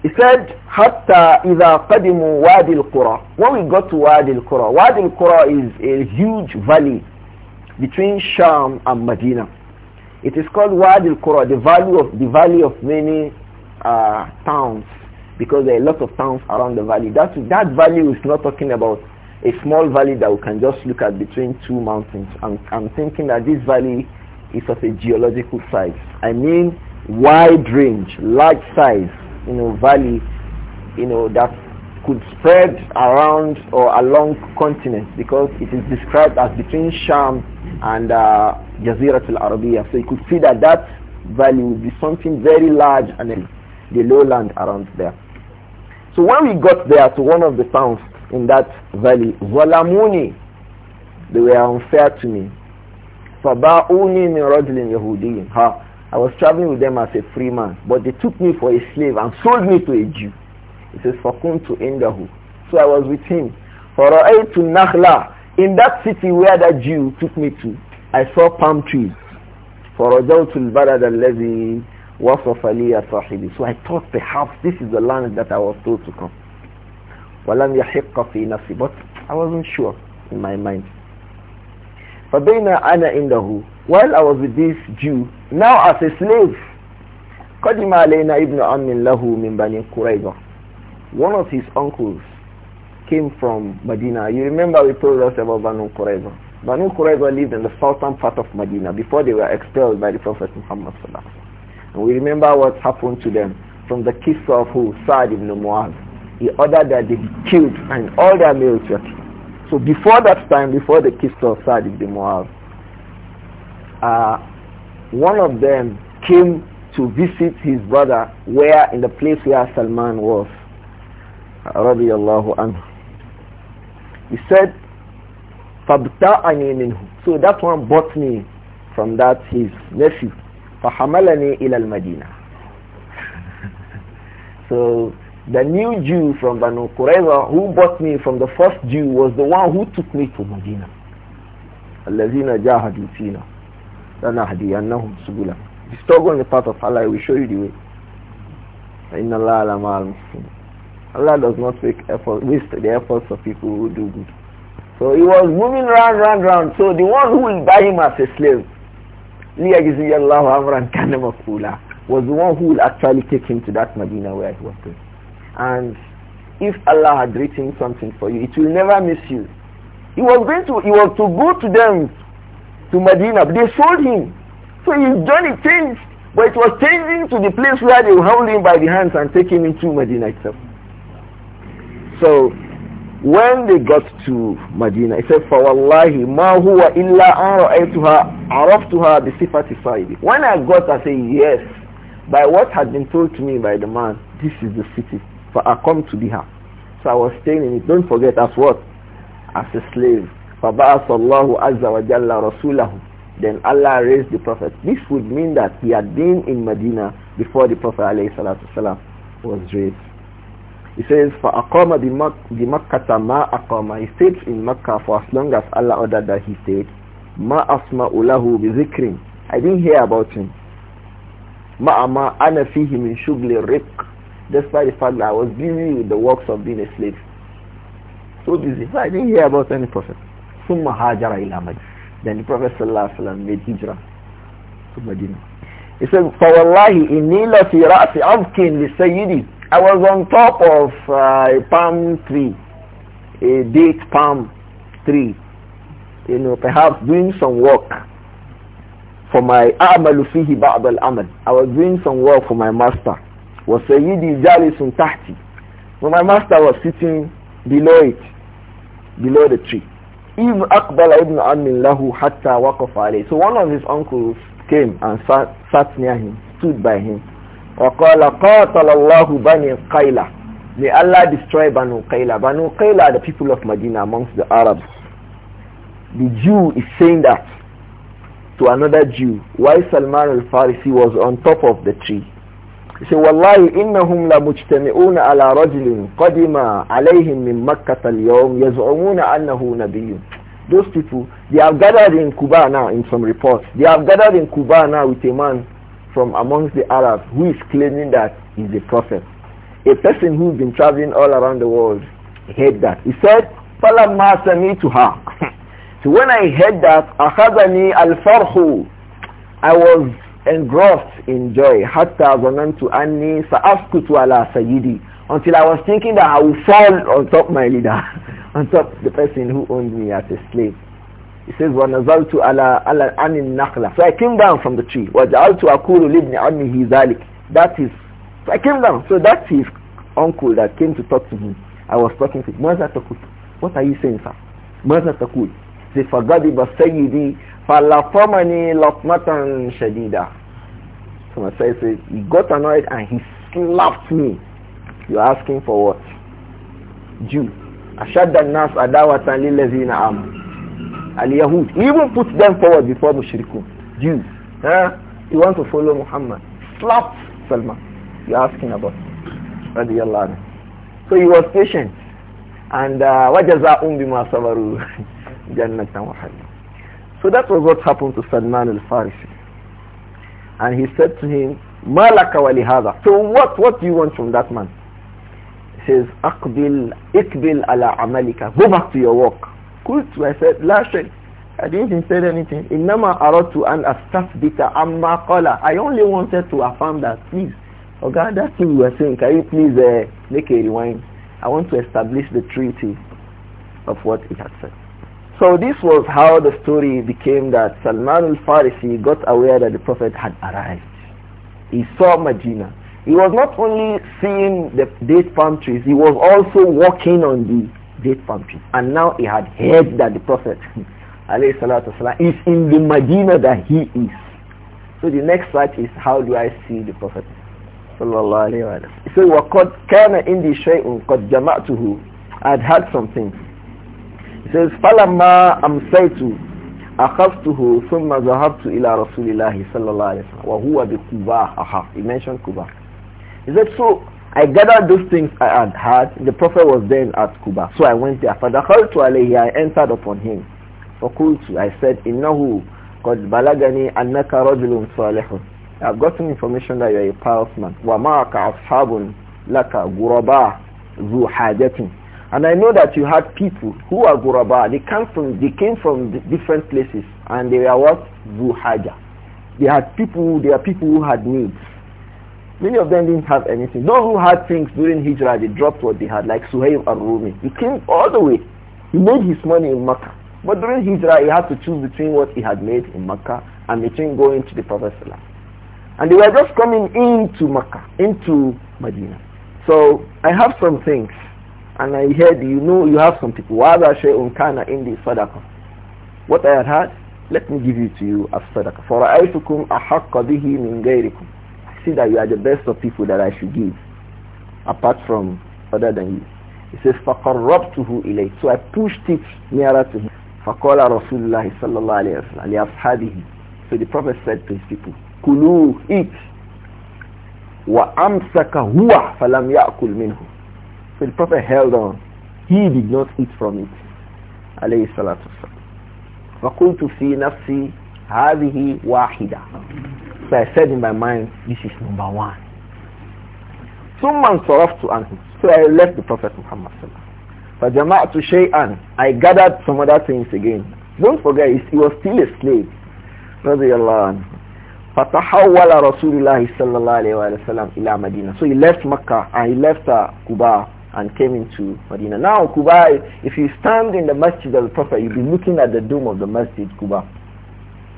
He said, حَتَّى إِذَا قَدِمُوا وَادِ الْقُرَى When we got to Wadi al-Qura, Wadi al-Qura is a huge valley between Sham and Medina. It is called Wadi al-Qura, the valley of, the valley of many uh, towns because there are a lot of towns around the valley. That, that valley is not talking about a small valley that we can just look at between two mountains. I'm, I'm thinking that this valley is of a geological size. I mean wide range, large size, you know, valley, you know, that could spread around or along continents because it is described as between Sham and uh, Jazirat al-Arabiya. So you could see that that valley would be something very large and then the lowland around there. So when we got there to one of the towns in that valley, Zalamuni, they were unfair to me. فَبَاعُونِي مِنْ رَجْلٍ يَهُودِيٍّ ha, I was traveling with them as a free man, but they took me for a slave and sold me to a Jew. It says, to إِنْدَهُ So I was with him. to Nakhla, In that city where that Jew took me to, I saw palm trees. فَرَجَوْتُ الْبَلَدَ الَّذِي وَصَفَ لِيَ صَاحِبِي So I thought perhaps this is the land that I was told to come. وَلَمْ يَحِقَّ fi نَفْسِي But I wasn't sure in my mind. فَبَيْنَا ana إِنْدَهُ While I was with this Jew, now as a slave, One of his uncles came from Medina. You remember we told us about Banu Qurayza. Banu Qurayza lived in the southern part of Medina before they were expelled by the Prophet Muhammad And we remember what happened to them from the kiss of who? Sa'd ibn Mu'az. He ordered that they be killed and all their males were killed. So before that time, before the kiss of sa the ibn uh, one of them came to visit his brother where in the place where Salman was. He said, فَابْتَعَنِي مِنْهُ So that one bought me from that his nephew. فَحَمَلَنِي إِلَى الْمَدِينَةِ So the new Jew from Banu Qurayza who bought me from the first Jew was the one who took me to Medina. الَّذِينَ جَاهَدُوا فِينَا لَنَهْدِيَنَّهُمْ سُبُلًا If you struggle on the path of Allah, we will show you the way. إِنَّ اللَّهَ لَمَا الْمُحْسِنِينَ Allah does not make effort, waste the efforts of people who do good. So he was moving round, round, round. So the one who will buy him as a slave, لِيَجْزِيَ اللَّهُ أَمْرًا كَانَ مَفْعُولًا was the one who will actually take him to that Medina where he was going. And if Allah had written something for you, it will never miss you. He was going to, he was to go to them, to Medina. They sold him. So his journey changed, but it was changing to the place where they were hold him by the hands and take him into Medina itself. So when they got to Medina, he said, فَوَاللَّهِ مَا هُوَ إِلَّا أَنْ رَأَيْتُهَا عَرَفْتُهَا بِصِفَةِ صَاحِبِ When I got, I said, yes, by what had been told to me by the man, this is the city. For be her, so I was staying in it don't forget as what as a slave فبعث الله عز وجل رسوله then Allah raised the Prophet this would mean that he had been in Medina before the Prophet والسلام, was raised he says فأقام بمكة ما أقام he stayed in Mecca for as long as Allah ordered that he stayed ما أسمع له بذكر I didn't hear about him مع ما أنا فيه من شغل الرق despite the fact that I was busy with the works of being a slave. So busy. So I didn't hear about any prophet. Then the Prophet made hijrah to Medina. He said, "For فَوَاللَّهِ إِنِّي لَفِي رَأْسِ the Sayyidi, I was on top of uh, a palm tree, a date palm tree, you know, perhaps doing some work for my أَعْمَلُ فِيهِ بَعْضَ I was doing some work for my master. Was Sayyidi jali suntati. When my master was sitting below it, below the tree. Ibn أَقْبَلَ إِبْنُ عَمٍ had حَتَّى وَقَفَ عَلَيْهِ So one of his uncles came and sat, sat near him, stood by him. وَقَالَ قَاتَلَ اللَّهُ بَنِي قَيْلَ May Allah destroy Banu Qayla. Banu Qayla are the people of Medina amongst the Arabs. The Jew is saying that to another Jew Why Salman al-Farisi was on top of the tree he said, Wallahi innahum la mujtami'una ala rajulin qadima alayhim min Makkah al-yawm yaz'umuna annahu nabiyyun. Those people, they have gathered in Kuba now in some reports. They have gathered in Kuba now with a man from amongst the Arabs who is claiming that he's a prophet. A person who's been traveling all around the world heard that. He said, فَلَمَّا سَمِيتُهَا So when I heard that, أَخَذَنِي الْفَرْحُ I was engrossed in joy hatta zanantu anni sa'askutu ala sayyidi until I was thinking that I would fall on top my leader on top the person who owned me as a slave he says wa nazaltu ala ala anin nakhla so I came down from the tree wa ja'altu aqulu li ibn ammihi dhalik that is so I came down so that's his uncle that came to talk to him I was talking to him what are you saying sir ماذا تقول فغضب سيدي فَلَطَمَنِي لَطْمَةً شَدِيدًا So my friend said, he got annoyed and he slapped me. You're asking for what? Jew. Ashadan nas adawatan أَدَاوَةً لِلَّذِينَ آمَنُوا Al-Yahud. He even put them forward before Mushrikun. Jew. Huh? You want to follow Muhammad. Slapped Salman. You're asking about. Radiallahu So he was patient. And uh, وَجَزَاءٌ sabaru. صَبَرُوا wa halim. So that was what happened to Salman al-Farisi. And he said to him, Malaka walihada. So what, what do you want from that man? He says, Akbil, ikbil ala amalika. Go back to your work. So I said, Last shay. I didn't say anything. Innama aratu an astafbita amma qala. I only wanted to affirm that, please. Oh God, that thing you were saying, can you please uh, make a rewind? I want to establish the treaty of what he had said. So this was how the story became that Salman al-Farisi got aware that the Prophet had arrived. He saw Medina. He was not only seeing the date palm trees, he was also walking on the date palm trees. And now he had heard that the Prophet is in the Medina that he is. So the next slide is how do I see the Prophet? So وَقَدْ كَانَ إِنْدِي شَيْءٌ قَدْ جَمَعْتُهُ I had had something. He says falamma amsaytu akhaftuhu thumma zahabtu ila rasulillah sallallahu alayhi wa huwa bi quba aha he mentioned quba He said, so i gathered those things i had heard. the prophet was then at quba so i went there fadakhaltu alayhi i entered upon him For faqultu i said innahu qad balagani annaka rajulun salihun i have gotten information that you are a pious man wa ma'aka ashabun laka ghuraba ذو حاجة and I know that you had people who are Guraba. They came from, they came from different places and they were what? Zuhaja. They had people, they are people who had needs. Many of them didn't have anything. Those who had things during Hijrah, they dropped what they had, like Suhayb and rumi He came all the way. He made his money in Makkah. But during Hijrah, he had to choose between what he had made in Makkah and between going to the Prophet And they were just coming into Makkah, into Medina. So I have some things and I heard you know you have some people. وَهَذَا شَيْءٌ in the صَدَقَةٌ What I had heard, let me give it to you as صدقة. For أَحَقَّ بِهِ مِنْ غَيْرِكُمْ I see that you are the best of people that I should give, apart from other than you. He says, فَقَرَّبْتُهُ إِلَيْهِ So I pushed it nearer to him. فَقَالَ رَسُولُ اللَّهِ صَلَّى اللَّهُ عَلَيْهِ وَسَلَّمَ لِأَصْحَابِهِ So the Prophet said to his people, كُلُوا eat وَأَمْسَكَ هُوَ فَلَمْ يَأْكُلْ مِنْهُ so the Prophet held on. He did not eat from it. عليه الصلاة والسلام. فقلت في نفسي هذه واحدة. So I said in my mind, this is number one. ثم to عنه. So I left the Prophet Muhammad صلى الله عليه وسلم. فجمعت شيئا. I gathered some other things again. Don't forget, he was still a slave. رضي الله عنه. فتحول رسول الله صلى الله عليه وسلم إلى مدينة. So he left Mecca and he left uh, Kuba and came into Medina. Now Kuba, if you stand in the Masjid al-Prophet, you'll be looking at the dome of the Masjid Kuba.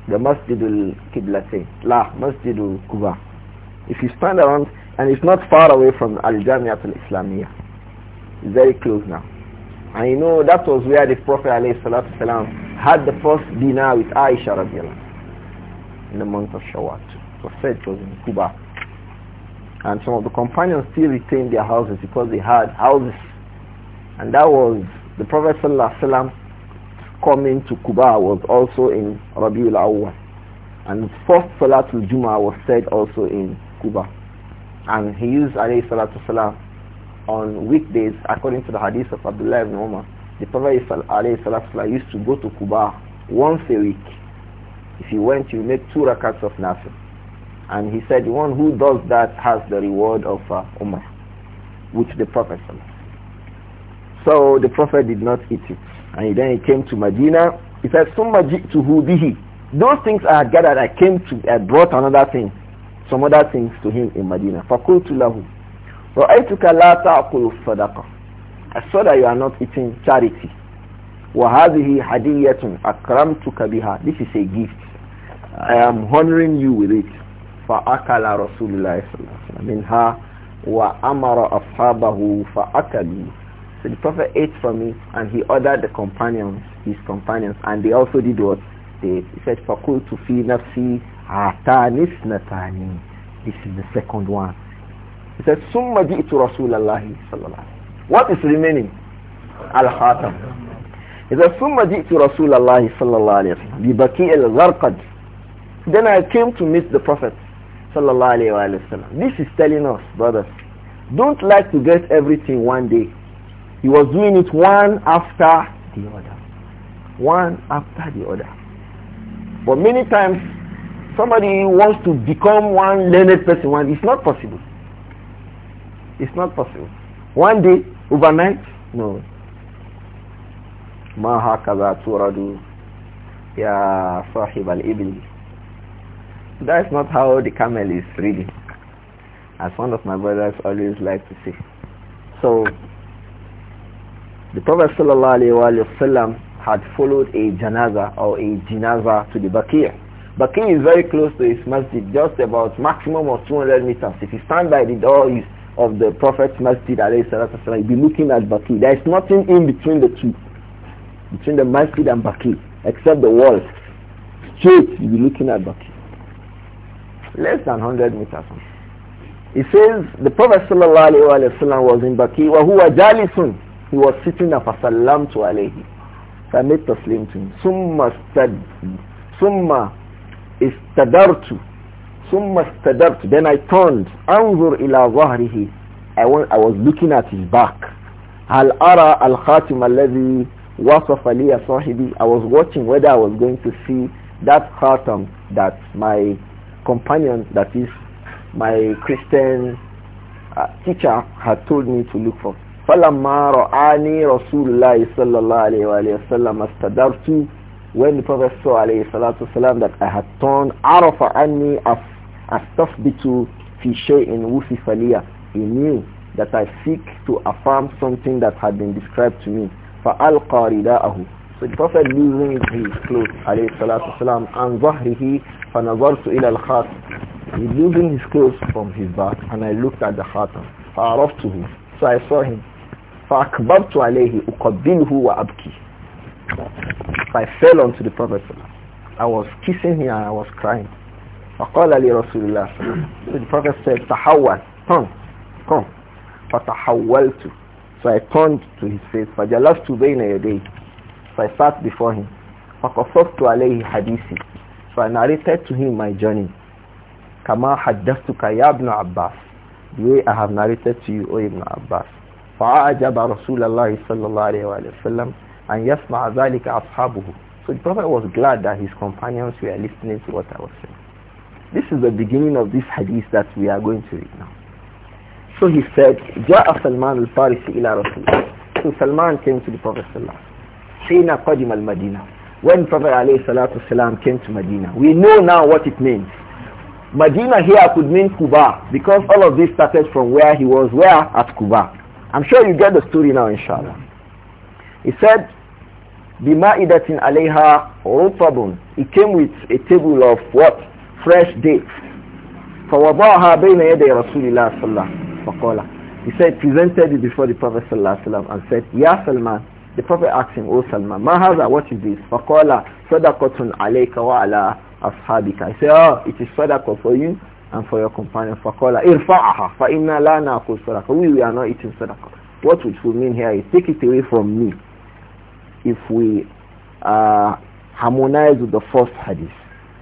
The Masjid al-Qiblati. La, Masjid al-Kuba. If you stand around, and it's not far away from Al-Jamiat al-Islamiyah. It's very close now. And you know that was where the Prophet والسلام, had the first dinner with Aisha radiallahu in the month of Shawwat. It was was in Kuba. And some of the companions still retained their houses because they had houses. And that was the Prophet Wasallam coming to Kuba was also in Rabiul Awwal. And first Salatul Juma was said also in Kuba. And he used alayhi salatu salam on weekdays according to the hadith of Abdullah ibn Umar. The Prophet alayhi salatu salam used to go to Kuba once a week. If he went, he would make two rakats of nafil. And he said, one who does that has the reward of uh, Umrah, which the Prophet said. So the Prophet did not eat it. And then he came to Medina. He said, Summa to bihi. Those things I had gathered, I came to, I brought another thing, some other things to him in Medina. فَقُلْتُ لَهُ رَأَيْتُكَ لَا تَأْكُلُ الصَّدَقَةِ I saw that you are not eating charity. وَهَذِهِ حَدِيَّةٌ أَكْرَمْتُكَ بِهَا This is a gift. I am honoring you with it. فأكل رسول الله صلى الله عليه وسلم منها وأمر أصحابه فأكلوا So the Prophet ate from it and he ordered the companions, his companions, and they also did what? They He said, فَقُلْتُ فِي نَفْسِي عَتَانِ اثْنَتَانِ This is the second one. He said, ثُمَّ جِئْتُ رَسُولَ اللَّهِ صلى الله عليه وسلم. What is remaining? Al-Khatam. He said, ثُمَّ جِئْتُ رَسُولَ اللَّهِ صلى الله عليه وسلم بِبَكِيء الْغَرْقَدِ Then I came to meet the Prophet this is telling us, brothers, don't like to get everything one day. He was doing it one after the other. One after the other. But many times, somebody wants to become one learned person. One, it's not possible. It's not possible. One day, overnight, no. That's not how the camel is really. As one of my brothers always like to say. So, the Prophet ﷺ had followed a janaza or a jinaza to the Bakir. Bakir is very close to his masjid, just about maximum of 200 meters. If you stand by the door of the Prophet's masjid, you'll be looking at Bakir. There is nothing in between the two, between the masjid and Bakir, except the walls. Straight, you'll be looking at Bakir less than 100 meters. He says the Prophet sallallahu alaihi wasallam was in Baki wa huwa jalisun. He was sitting up as fasallam to alayhi. So I made taslim to him. Summa stad, summa istadartu, summa istadartu. Then I turned. Anzur ila zahrihi. I, went, I was looking at his back. Hal ara al khatim alladhi wasafa liya sahibi. I was watching whether I was going to see that khatam that my Companion that is, my Christian uh, teacher had told me to look for. فَلَمَّا رَآنِي رَسُولُ اللَّهِ صَلَّى اللَّهُ عَلَيْهِ وَسَلَّمَ اسْتَدَرْتُ When the Prophet saw alayhi salatu wasalam that I had turned عَرَفَ عَنِّي أَسْتَثْبِتُ فِي شَيْءٍ وُصِفَ لِيَ He knew that I seek to affirm something that had been described to me. فَأَلْقَى رِدَاءَهُ So the Prophet loosened his clothes alayhi salatu wasalam and ظَهْرِهِ فَنَظَرْتُ إِلَى الْخَاتَمِ Removing his clothes from his back and I looked at the khatam. فَعَرَفْتُهُ So I saw him. فَأَكْبَرْتُ عَلَيْهِ أُقَبِّلُهُ وَأَبْكِي so I fell onto the Prophet I was kissing him and I was crying. فَقَالَ لِي رَسُولُ اللَّهِ So the Prophet said, تَحَوَّلْ Come, come. فَتَحَوَّلْتُ So I turned to his face. فَجَلَسْتُ بَيْنَ يَدَيْهِ So I sat before him. فَقَصَفْتُ عَلَيْهِ حَدِيثِي so I narrated to him my journey. Kama haddathtuka ya ibn Abbas. The way I have narrated to you, O Ibn Abbas. فَعَجَبَ رَسُولَ اللَّهِ صَلَّى اللَّهُ عَلَيْهِ وَآلِهِ وَسَلَّمَ أَنْ يَسْمَعَ ذَلِكَ أَصْحَابُهُ So the Prophet was glad that his companions were listening to what I was saying. This is the beginning of this hadith that we are going to read now. So he said, جاء سلمان الفارسي إلى رسول So Salman came to the Prophet صلى الله عليه وسلم حين قدم المدينة when Prophet ﷺ came to Medina. We know now what it means. Medina here could mean Kuba because all of this started from where he was, where? At Kuba. I'm sure you get the story now, inshallah. He said, بِمَائِدَةٍ عَلَيْهَا رُطَبٌ He came with a table of what? Fresh dates. فَوَضَعَهَا بَيْنَ yaday Rasulillah sallallahu صَلَّى فَقَالَ He said, presented it before the Prophet ﷺ and said, Ya Salman, the Prophet asked him, O Salman, Mahaza, what is this? Faqala, Sadaqatun alayka wa ala ashabika. He said, oh, it is Sadaqah for you and for your companion. Faqala, irfa'aha, fa inna la naqul Sadaqah. We, we are not eating Sadaqah. What which will mean here is, take it away from me if we uh, harmonize with the first hadith.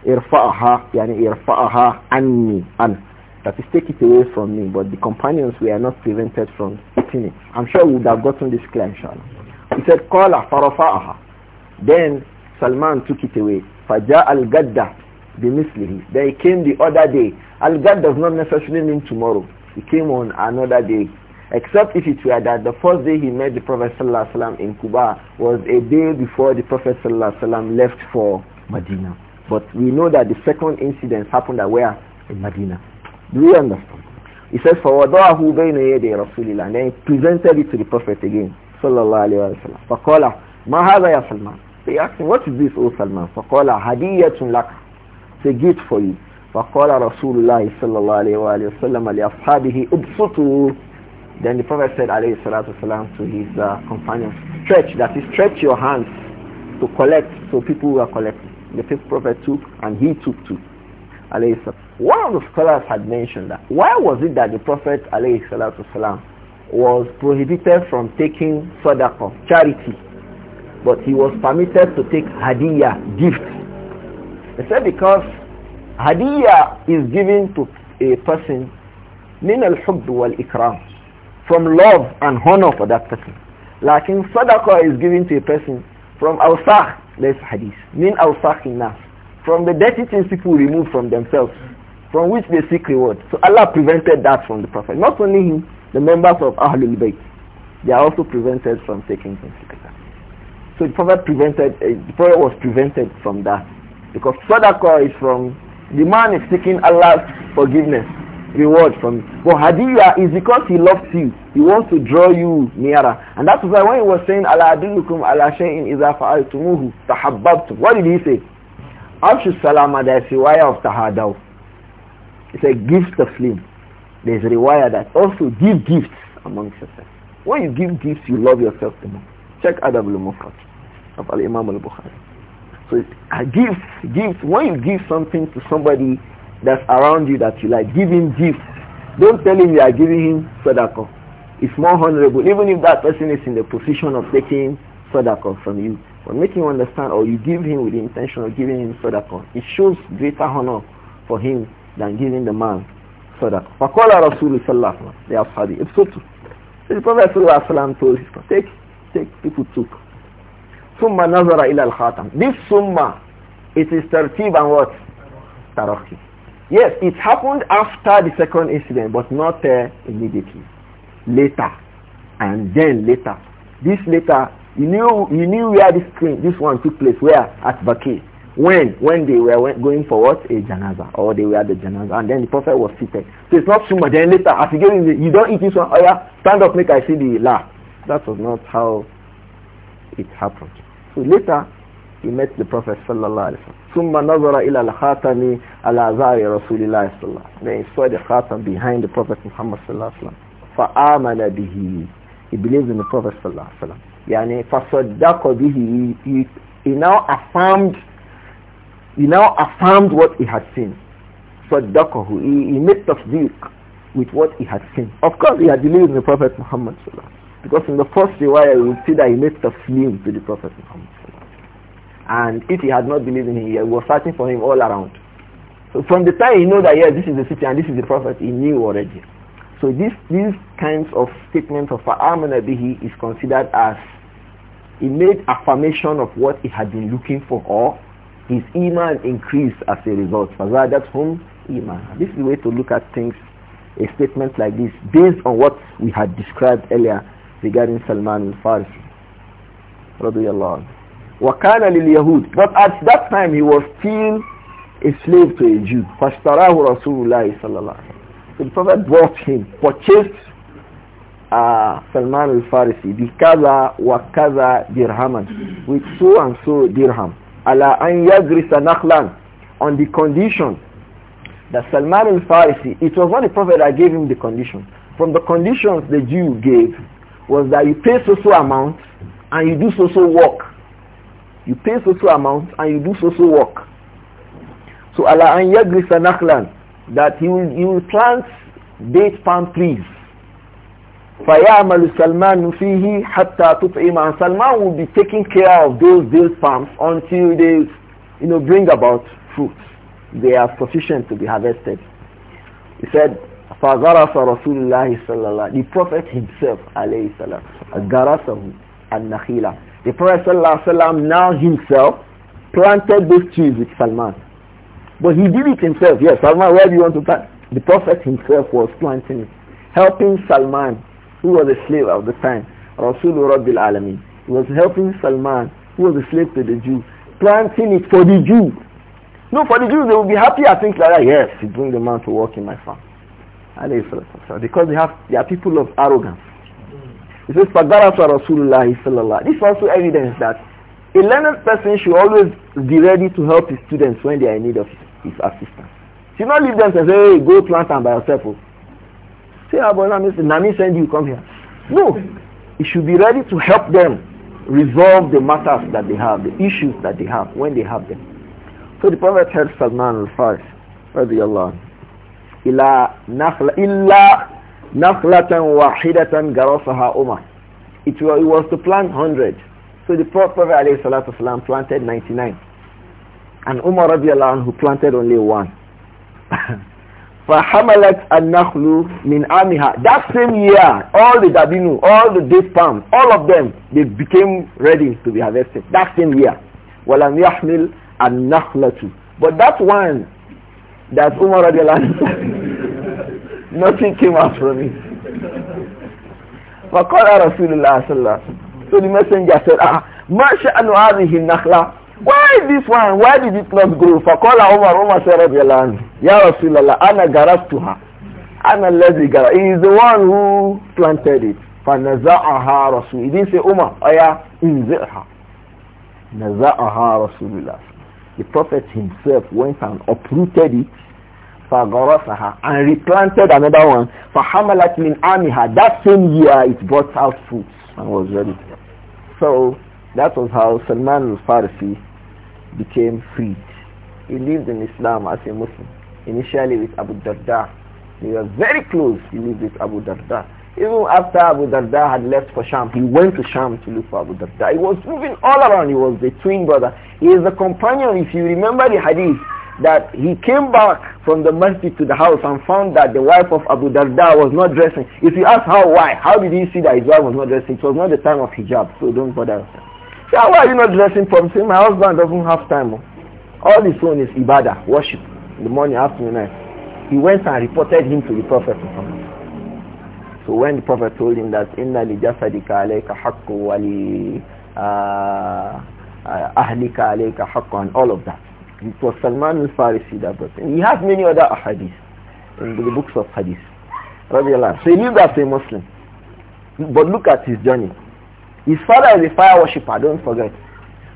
Irfa'aha, yani irfa'aha anni, an. That is, take it away from me. But the companions, we are not prevented from eating it. I'm sure we would have gotten this clear, inshallah. He said, Qala farafa'aha. Then Salman took it away. Faja al-gadda bimislihi. Then he came the other day. al Gadd does not necessarily mean tomorrow. He came on another day. Except if it were that the first day he met the Prophet wasallam in Kuba was a day before the Prophet wasallam left for Medina. But we know that the second incident happened at where? In Medina. Do you understand? He says, have to يَدَيْ رَسُولِ اللَّهِ And then he presented it to the Prophet again sallallahu alayhi wa sallam فقال ما هذا يا سلمان he asked what is this O Salman فقال هدية لك it's a gift for you فقال Rasulullah sallallahu alayhi الله عليه وآله وسلم لأصحابه ابسطوا then the Prophet said عليه الصلاة والسلام to his uh, companions stretch that is stretch your hands to collect so people were collecting the fifth Prophet took and he took too one of the scholars had mentioned that why was it that the Prophet عليه الصلاة والسلام was prohibited from taking sadaqah, charity, but he was permitted to take hadiya gift. He said because hadiya is given to a person min al wal-ikram, from love and honor for that person. Like in sadaqah is given to a person from awsakh, there's hadith, min awsakh nas, from the dirty things people remove from themselves, from which they seek reward. So Allah prevented that from the Prophet. Not only him, the members of Ahlul Bayt, they are also prevented from taking things like that. So the Prophet prevented, uh, the Prophet was prevented from that. Because Sadaqah is from, the man is seeking Allah's forgiveness, reward from But Hadiyah is because he loves you. He wants to draw you nearer. And that's why when he was saying, Allah adilukum ala shay'in iza fa'altumuhu tahabbabtum. What did he say? Afshu salama, there's a wire of tahadaw. He said, give the flame. There's a rewire that also give gifts amongst yourself. When you give gifts, you love yourself the most. Check Adab al-Mufrad of Al-Imam al-Bukhari. So gifts, gifts, when you give something to somebody that's around you that you like, give him gifts. Don't tell him you are giving him sadaqah. It's more honorable, even if that person is in the position of taking sadaqah from you. But make him understand or you give him with the intention of giving him sadaqah. It shows greater honor for him than giving the man صدقة فقال رسول صلى الله عليه وسلم يا أصحابي ابسطوا So the Prophet صلى الله عليه وسلم told his take take people took ثم ila al الخاتم this summa, it is tertib and what tarakhi yes it happened after the second incident but not uh, immediately later and then later this later you knew you knew where this screen this one took place where at Baqi when? When they were going for what? A janaza. Or they were the janaza. And then the prophet was seated. So it's not summa. Then later, as he gave him, the, you don't eat this one. Oh yeah, stand up, make I see the la. That was not how it happened. So later, he met the prophet sallallahu alaihi wasallam. Summa nazara ila al-khatami ala zari rasulillah sallallahu Then he saw the khatam behind the prophet Muhammad sallallahu alaihi wasallam. Fa به he believes in the Prophet sallallahu alaihi wasallam. Yani fasaddaqa bihi he now affirmed he now affirmed what he had seen. صدقه he, he made tasdeeq with what he had seen. Of course he had believed in the Prophet Muhammad because in the first riwayah we see that he made taslim to the Prophet Muhammad and if he had not believed in him he was searching for him all around. So from the time he knew that yes this is the city and this is the Prophet he knew already. So this, these kinds of statements of Fa'amana he is considered as he made affirmation of what he had been looking for or his iman increased as a result. that's whom iman. This is the way to look at things, a statement like this, based on what we had described earlier regarding Salman al-Farsi. وَكَانَ لِلْيَهُودِ But at that time he was still a slave to a Jew. فَاشْتَرَاهُ رَسُولُ اللَّهِ صَلَّى اللَّهُ عَلَيْهِ So the Prophet bought him, purchased uh, Salman al-Farsi بِكَذَا وَكَذَا dirhaman with so and so dirham ala on the condition that Salman al-Farisi, it was not the Prophet that gave him the condition. From the conditions the Jew gave was that you pay so-so amount and you do so-so work. You pay so-so amount and you do so-so work. So ala an yagrisa that he will, he will plant date palm trees فَيَعْمَلُ سَلْمَانُ فِيهِ حَتَّى تُطْعِمَ And Salman will be taking care of those date palms until they, you know, bring about fruit. They are sufficient to be harvested. He said, فَغَرَسَ رَسُولُ اللَّهِ صَلَّى The Prophet himself, alayhi salam, غَرَسَهُ النَّخِيلَ The Prophet sallallahu alayhi now himself planted those trees with Salman. But he did it himself. Yes, Salman, where do you want to plant? The Prophet himself was planting it, helping Salman who was a slave at the time, Rasulullah Rabbil He was helping Salman, who was a slave to the Jew, planting it for the Jew. No, for the Jews, they will be happy at things like that. Yes, you bring the man to work in my farm. Because they have they are people of arrogance. It says, Rasulullah This is also evidence that a learned person should always be ready to help his students when they are in need of his assistance. Should not leave them and say, hey, go plant and by yourself. Oh. Say, Abu ah, Nami send you, come here. No. You should be ready to help them resolve the matters that they have, the issues that they have, when they have them. So the Prophet said, Salman al-Faris, radiallahu illa nakhlatan wahidatan garasaha umar. It was to plant 100. So the Prophet ﷺ planted 99. And Umar radiallahu who planted only one. فحملت النخل من عامها that same year all the dabinu all the date palms all of them they became ready to be harvested that same year ولم يحمل النخلة but that one that Umar radiallahu nothing came out from it فقال رسول الله صلى الله عليه وسلم so the messenger said ah ما شأن هذه النخلة why this one why did it not grow fakola umar umar sarab ya land ya rasulallah ana garastuha ana allazi gara he is the one who planted it fanaza'aha rasul idin say umar aya inzaha naza'aha rasulullah the prophet himself went and uprooted it For fagarasaha and replanted another one For fahamalat min amiha that same year it brought out fruits and was ready so that was how salman al became freed. He lived in Islam as a Muslim, initially with Abu Darda. They were very close. He lived with Abu Darda. Even after Abu Darda had left for Sham, he went to Sham to look for Abu Darda. He was moving all around. He was the twin brother. He is the companion, if you remember the hadith, that he came back from the masjid to the house and found that the wife of Abu Darda was not dressing. If you ask how, why, how did he see that his wife was not dressing? It was not the time of hijab, so don't bother yourself why are you not dressing properly? my husband doesn't have time. All his own is ibadah, worship, in the morning, afternoon, night. He went and reported him to the Prophet Muhammad. So when the Prophet told him that, Inna li jasadika alayka haqqu uh, uh, ahlika alayka haqqu and all of that. It was Salman al-Farisi that brought He has many other ahadith in the books of hadith. So he lived as a Muslim. But look at his journey. His father is a fire worshipper, don't forget.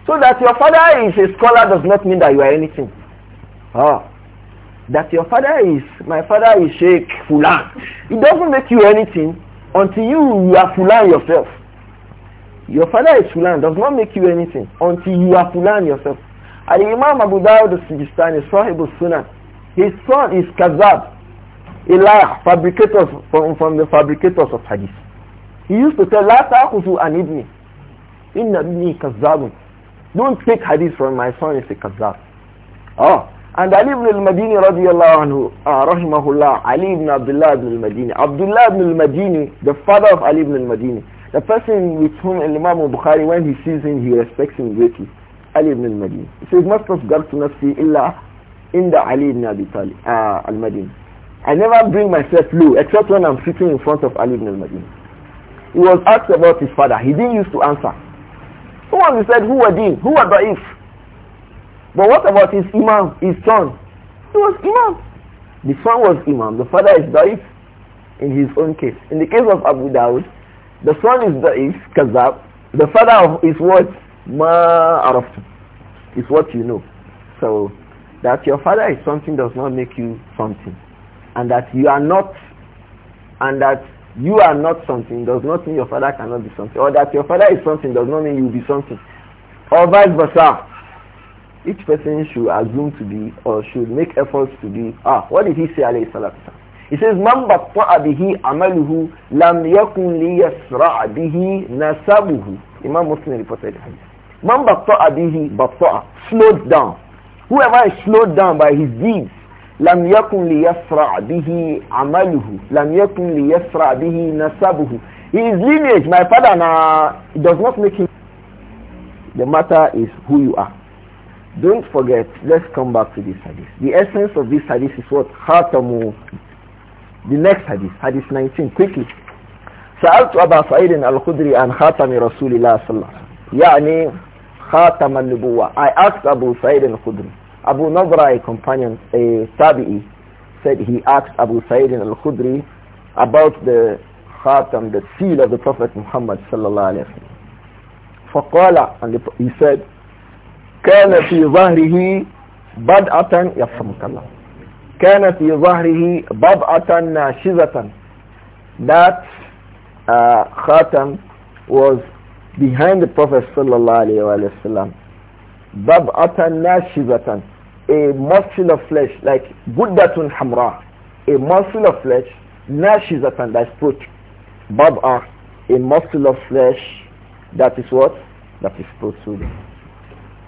So that your father is a scholar does not mean that you are anything. Ah. That your father is, my father is Sheikh Fulan. It doesn't make you anything until you, you are Fulan yourself. Your father is Fulan does not make you anything until you are Fulan yourself. And Imam Abu Dawud al-Sijistani, Sahib al-Sunnah, his son is Kazab, a liar, fabricators from, from the fabricators of hadith. He used to say, La ta'khuzu anibni, ibni. Inna kazzabun. Don't take hadith from my son, it's a kazzab. Oh. And Ali ibn al-Madini radiallahu anhu, uh, rahimahullah, Ali ibn Abdullah ibn al-Madini. Abdullah ibn al-Madini, the father of Ali ibn al-Madini. The person with whom Imam bukhari when he sees him, he respects him greatly. Ali ibn al-Madini. He says, مَا اسْتَصْغَرْتُ نَفْسِي إِلَّا إِنْدَ عَلِي ibn Abi Talib, uh, al-Madini. I never bring myself low except when I'm sitting in front of Ali ibn al-Madini. He was asked about his father. He didn't used to answer. Someone said, who were they? Who were if?" But what about his imam, his son? He was imam. The son was imam. The father is da'if in his own case. In the case of Abu Dawud, the son is da'if, kazab. The father is what? Ma araftu. Is what you know. So that your father is something does not make you something. And that you are not, and that you are not something does not mean your father cannot be something. Or that your father is something does not mean you will be something. Or vice versa. Each person should assume to be or should make efforts to be. Ah, what did he say alayhi salatu He says, Man batta'a bihi amaluhu lam yakun liyasra'a bihi nasabuhu. Imam Muslim reported hadith. Man batta'a bihi batta'a. Slowed down. Whoever is slowed down by his deeds, لم يكن ليسرع به عمله لم يكن ليسرع به نسبه his lineage my father na does not make him the matter is who you are don't forget let's come back to this hadith the essence of this hadith is what khatamu the next hadith hadith 19 quickly سألت أبا سعيد الخدري عن خاتم رسول الله صلى الله عليه وسلم يعني خاتم النبوة I asked Abu Sa'id al-Khudri Abu Nabra, a companion, a Tabi'i, said he asked Abu Sa'id al-Khudri about the khatam, the seal of the Prophet Muhammad sallallahu alayhi wa sallam. and he said, كان في ظهره بدعة يفهمك الله كان في ظهره بضعة ناشزة that uh, khatam was behind the Prophet sallallahu alayhi wa sallam بضعة ناشزة a muscle of flesh, like Buddatun Hamra, a muscle of flesh, Nashizatan, that's put, baba a muscle of flesh, that is what? That is protruding.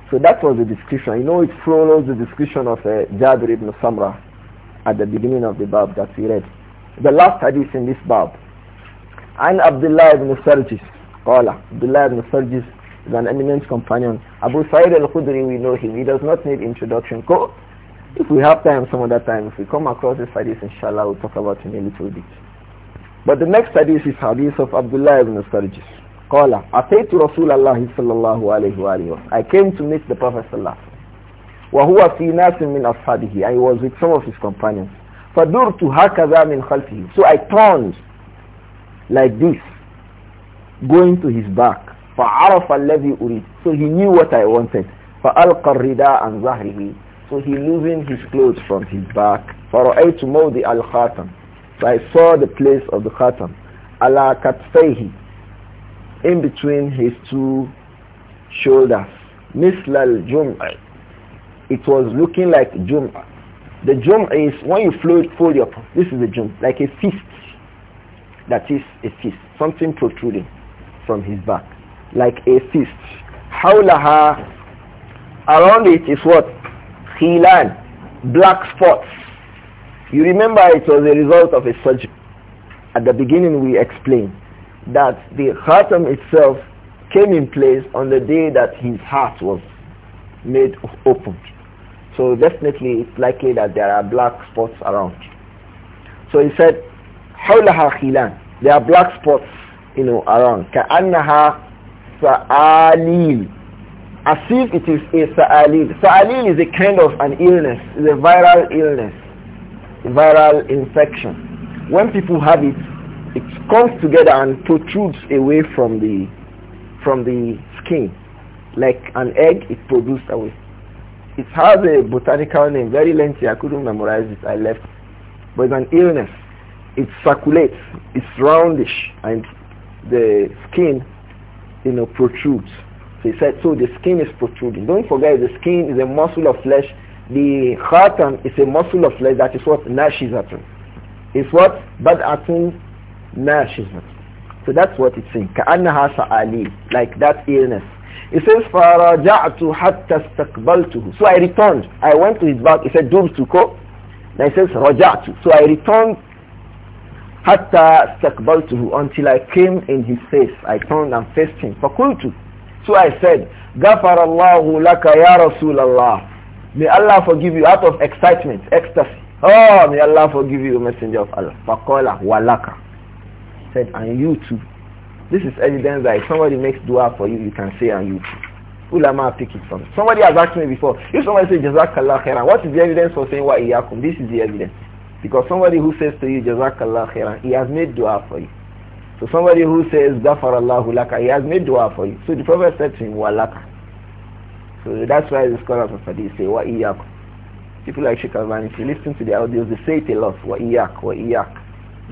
So that was the description. You know, it follows the description of uh, Jabir ibn Samra at the beginning of the Bab that we read. The last hadith in this Bab. عن عبد الله بن سرجس قال عبد الله بن سرجس is an eminent companion. Abu Sa'id al-Khudri, we know him. He does not need introduction. Go. If we have time, some other time, if we come across this hadith, inshallah, we'll talk about him a little bit. But the next hadith is hadith of Abdullah ibn Sarjis. Qala, أتيت رسول الله صلى الله عليه وآله I came to meet the Prophet صلى الله عليه fi وهو min ناس من أصحابه I was with some of his companions فدرت هكذا min خلفه So I turned like this going to his back فعرف الذي أريد so he knew what I wanted فألقى الرداء عن ظهره so he loosened his clothes from his back فرأيت موضع الخاتم so I saw the place of the khatam على كتفيه in between his two shoulders مثل الجمع it was looking like jum'ah the jum'ah is when you fold, fold your this is the jum'ah like a fist that is a fist something protruding from his back like a fist. Hawlaha, around it is what? Khilan, black spots. You remember it was a result of a surgery. At the beginning we explained that the Khatam itself came in place on the day that his heart was made open. So definitely it's likely that there are black spots around. So he said, Hawlaha خلان. There are black spots, you know, around. كأنها sa'alil. As if it is a sa'alil. Sa'alil is a kind of an illness, is a viral illness, a viral infection. When people have it, it comes together and protrudes away from the from the skin. Like an egg, it protrudes away. It has a botanical name, very lengthy. I couldn't memorize it. I left. But it's an illness. It circulates. It's roundish, and the skin you know, protrudes. So he said, so the skin is protruding. Don't forget the skin is a muscle of flesh. The khatam is a muscle of flesh that is what? Nashizatun. It's what? Bad'atun nashizatun. So that's what it's saying. كَأَنَّهَا سَعَالِي Like that illness. It says, فَرَجَعْتُ حَتَّى اسْتَقْبَلْتُهُ So I returned. I went to his back. He said, دُمْتُكُ Then he says, رَجَعْتُ So I returned Hatta استقبلته until I came in his face. I turned and faced him. Fakultu. So I said, غفر الله لك يا May Allah forgive you out of excitement, ecstasy. Oh, may Allah forgive you, messenger of Allah. Fakola walaka. Said, and you too. This is evidence that if somebody makes dua for you, you can say and you too ulama pick it from. Somebody has asked me before, if somebody says Jazakallah khairan, what is the evidence for saying wa iyakum? This is the evidence. Because somebody who says to you, Jazakallah khairan, he has made dua for you. So somebody who says, Ghafarallahu laka, he has made dua for you. So the Prophet said to him, Walaka. So that's why the scholars of Hadith say, Wa iyak. People like Sheikh Alban, if you listen to the audios, they say it a lot, Wa iyak, Wa iyak.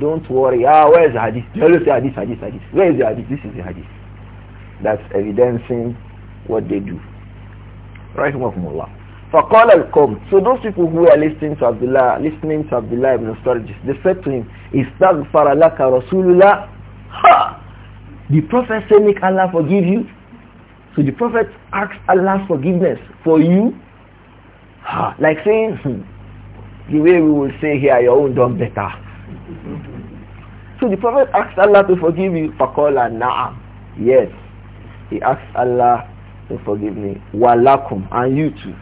Don't worry, ah, where is the Hadith? They always say Hadith, Hadith, Hadith. Where is the Hadith? This is the Hadith. That's evidencing what they do. Right? Rahimahumullah. For al القوم so those people who are listening to Abdullah listening to Abdullah ibn Sturgis they said to him استغفر لك رسول الله ha! the prophet said make Allah forgive you so the prophet asked Allah's forgiveness for you ha! like saying hmm, the way we will say here your own done better so the prophet asked Allah to forgive you فقال naam. yes he asked Allah to forgive me walakum and you too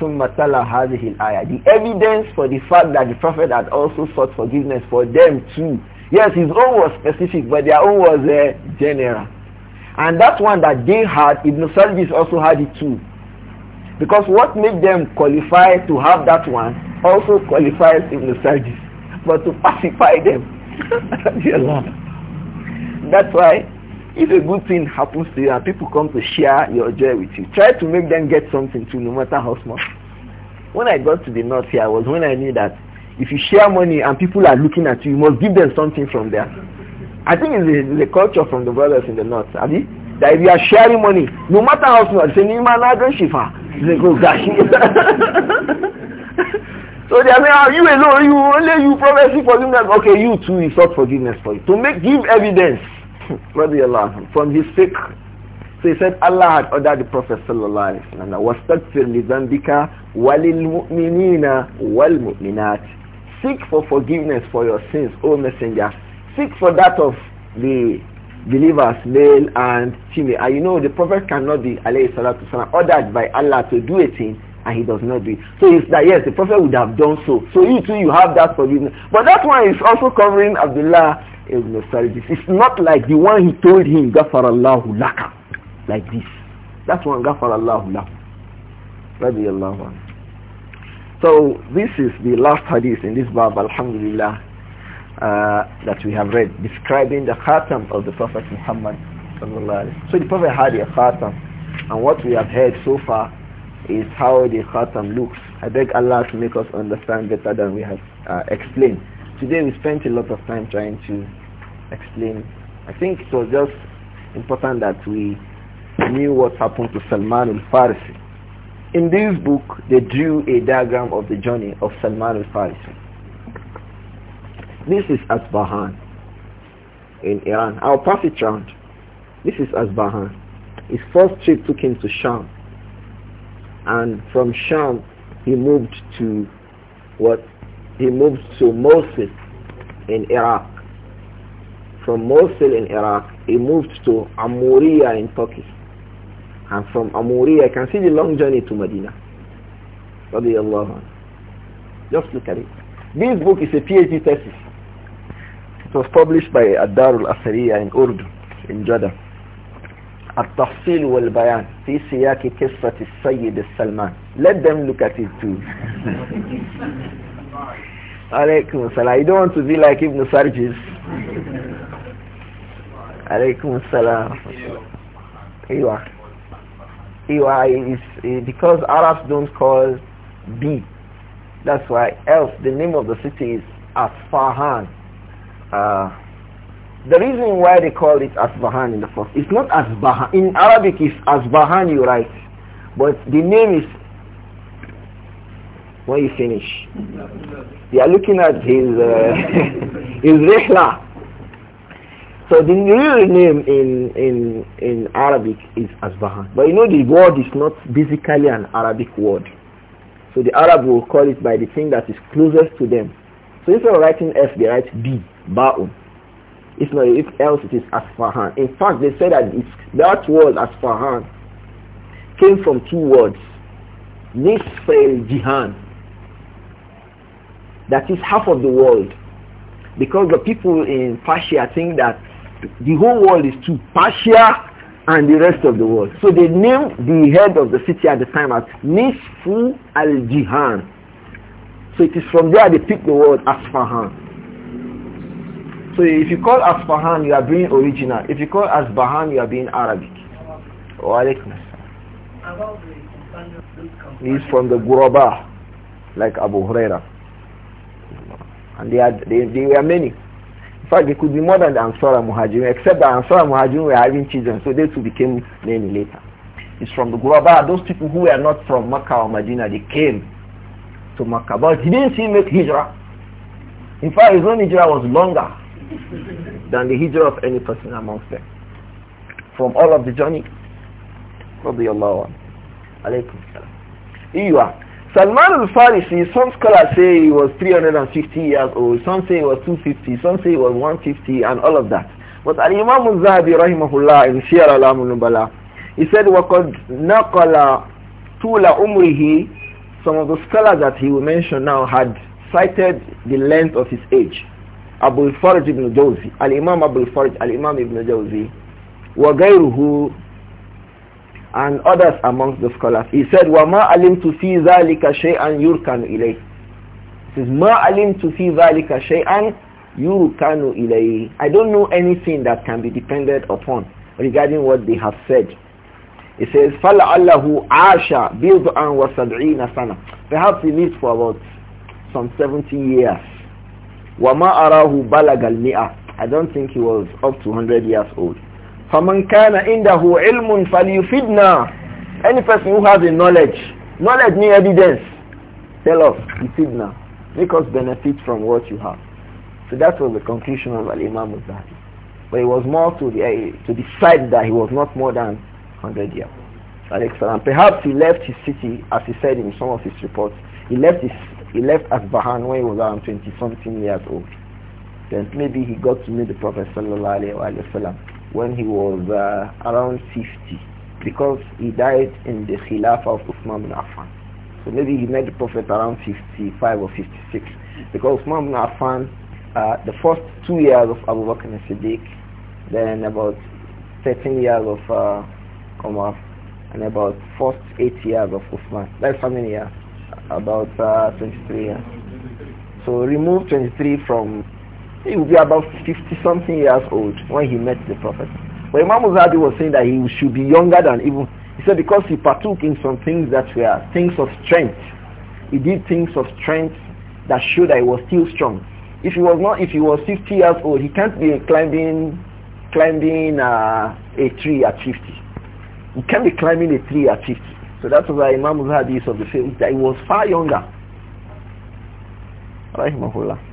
the evidence for the fact that the prophet had also sought forgiveness for them too yes his own was specific but their own was uh, general and that one that they had Ibn Salvis also had it too because what made them qualify to have that one also qualifies Ibn Salvis but to pacify them that's why if a good thing happens to you and people come to share your joy with you, try to make them get something too, no matter how small. When I got to the north here was when I knew that if you share money and people are looking at you, you must give them something from there. I think it's the, the culture from the brothers in the north, Abi, that if you are sharing money, no matter how small, say, Nima Shifa. They go, gosh. so they are saying, oh, you alone, you only you promise forgiveness. Okay, you too, you sought forgiveness for you. To make, give evidence from his sick. So he said, Allah had ordered the Prophet sallallahu alayhi wa sallam, وَاسْتَغْفِرْ لِذَنْبِكَ وَلِلْمُؤْمِنِينَ وَالْمُؤْمِنَاتِ Seek for forgiveness for your sins, O Messenger. Seek for that of the believers, male and female. And you know, the Prophet cannot be, alayhi salatu sallam, ordered by Allah to do a thing and he does not do it. So it's that yes, the prophet would have done so. So you too, you have that forgiveness. But that one is also covering Abdullah Ibn Sarjis. It's not like the one he told him, Ghafarallahu laka, like this. That's one, Ghafarallahu laka. Radiallahu anhu. So this is the last hadith in this Bab, Alhamdulillah, uh, that we have read, describing the Khatam of the Prophet Muhammad. So the Prophet had a Khatam, and what we have heard so far is how the Khatam looks. I beg Allah to make us understand better than we have uh, explained. Today we spent a lot of time trying to explain. I think it was just important that we knew what happened to Salman al-Farsi. In this book, they drew a diagram of the journey of Salman al-Farsi. This is Asbahan in Iran. I'll pass it round. This is Asbahan. His first trip took him to Sham. And from Sham, he moved to what? he moved to Mosul in Iraq. From Mosul in Iraq, he moved to Amuriya in Turkey. And from Amuriya, you can see the long journey to Medina. Just look at it. This book is a PhD thesis. It was published by ad al Asariya in Urdu, in Jordan. التفصيل والبيان في سياق قصة السيد السلمان let them look at it too Alaikum salam. You don't want to be like Ibn Sarjis. Alaikum salam. Iwa. Iwa is because Arabs don't call B. That's why else the name of the city is Asfahan. Uh, the reason why they call it Asbahan in the first, it's not Asbahan. In Arabic, it's Asbahan, you write. But the name is when you finish. They are looking at his uh, his rihla. So the real name in in in Arabic is Asbahan. But you know the word is not basically an Arabic word. So the Arab will call it by the thing that is closest to them. So instead of writing F, they write B, Ba'un. If not, if else it is Asfahan. In fact, they say that it's, that word Asfahan came from two words, Nisfel Jihan, that is half of the world. Because the people in Persia think that the whole world is two. Persia and the rest of the world. So they named the head of the city at the time as Nisfu al-Jihan. So it is from there they picked the word Asfahan. So if you call Asfahan, you are being original. If you call Asbahan, you are being Arabic. He's from the Guraba, like Abu Huraira. And they, had, they, they were many. In fact, they could be more than the Ansar Muhajirin, except that Ansar and Muhajirin were having children, so they too became many later. It's from the guraba those people who were not from Makkah or Medina, they came to Makkah. But he didn't see make hijrah. In fact, his own hijrah was longer than the hijrah of any person amongst them. From all of the journey, Rabbi Allah, alaykum salam. Here you are. Salman al-Farisi, some scholars say he was 350 years old, some say he was 250, some say he was 150 and all of that. But al-Imam al-Zahabi rahimahullah in Shir al-Am al-Nubala, he said, وَقَدْ نَقَلَ طُولَ umrihi." Some of the scholars that he will mention now had cited the length of his age. Abu al-Faraj ibn Jawzi, al-Imam Abu al-Faraj, al-Imam ibn Jawzi, وَغَيْرُهُ and others amongst the scholars. He said, وَمَا عَلِمْتُ فِي ذَلِكَ شَيْئًا يُرْكَنُ إِلَيْهِ He says, مَا عَلِمْتُ فِي ذَلِكَ شَيْئًا يُرْكَنُ إِلَيْهِ I don't know anything that can be depended upon regarding what they have said. He says, فَلَعَلَّهُ عَاشَ بِضْعًا وَسَبْعِينَ سَنَةً Perhaps he lived for about some 70 years. وَمَا أَرَاهُ بَلَغَ الْمِئَةِ I don't think he was up to 100 years old. فَمَنْ كَانَ إِنْدَهُ Any person who has a knowledge, knowledge means evidence. Tell us, fidna. Make us benefit from what you have. So that was the conclusion of Al-Imam al But it was more to the, eh, to decide that he was not more than 100 years. Alexander. Perhaps he left his city, as he said in some of his reports, he left his he left Asbahan when he was around 20 something years old. Then maybe he got to meet the Prophet sallallahu alaihi wasallam when he was uh, around 50 because he died in the Khilafah of Uthman bin Affan. So maybe he met the Prophet around 55 or 56 because Uthman bin Affan, uh, the first two years of Abu Bakr and Siddiq, then about 13 years of uh, Umar, and about first eight years of Uthman. That's how many years? About uh, 23 years. So remove 23 from he would be about 50 something years old when he met the Prophet. But Imam Muzadi was saying that he should be younger than even, he said because he partook in some things that were things of strength. He did things of strength that showed that he was still strong. If he was not, if he was 50 years old, he can't be climbing, climbing uh, a tree at 50. He can't be climbing a tree at 50. So that's why Imam Muzadi is of the faith that he was far younger. Rahimahullah.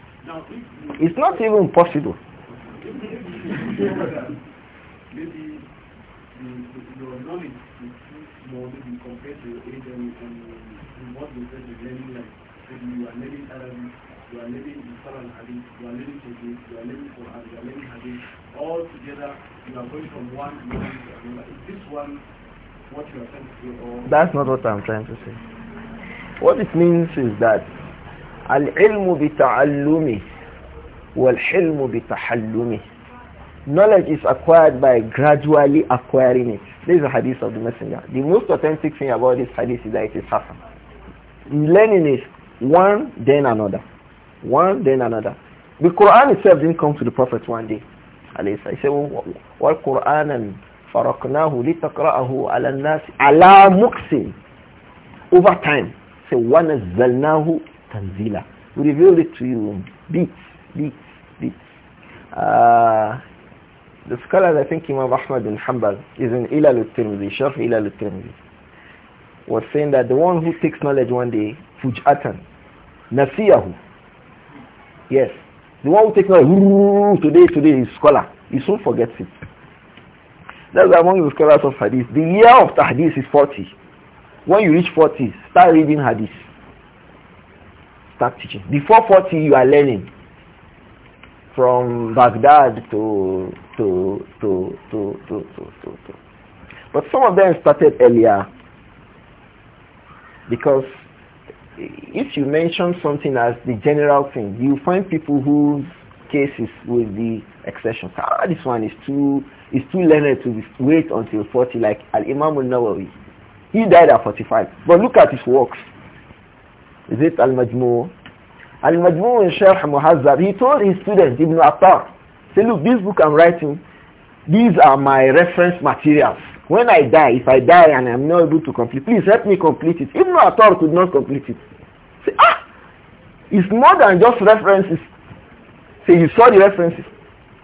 It's not even possible. Maybe your knowledge is in than to your age and, what you said are like. You are you are living Islam you are you are learning Quran, you are All together, you are going from one to another. Is this one what you are saying to That's not what I'm trying to say. What it means is that العلم بتعلمه والحلم بتحلمه knowledge is acquired by gradually acquiring it. This is a hadith of the messenger. The most authentic thing about this hadith is that it is Hassan. Learning is one, then another. One, then another. The Quran itself didn't come to the Prophet one day. He said, وَالْقُرْآنًا فَرَقْنَاهُ لِتَقْرَأَهُ عَلَى النَّاسِ عَلَى مُقْسٍ Over time. Say, وَنَزَّلْنَاهُ tanzila. We revealed it to you Beats, beats, beats. Uh, the scholars, I think Imam Ahmad bin Hanbal is in Ilal al-Tirmidhi, Sharf Ilal al-Tirmidhi, was saying that the one who takes knowledge one day, fuj'atan, nasiyahu. Yes, the one who takes knowledge, today, today, is scholar. He soon forgets it. That's among the scholars of hadith. The year of the hadith is 40. When you reach 40, start reading hadith start teaching. Before 40, you are learning from Baghdad to to to to to to to. to. But some of them started earlier because if you mention something as the general thing, you find people whose cases will be exceptions. Ah, this one is too is too learned to wait until 40, like Al Imam Al Nawawi. He died at 45, but look at his works. Is it Al-Majmu? Al-Majmu in Sharh Muhazzab, he told his student, Ibn Attar, say, look, this book I'm writing, these are my reference materials. When I die, if I die and I'm not able to complete, please help me complete it. Ibn Attar could not complete it. Say, ah! It's more than just references. Say, you saw the references.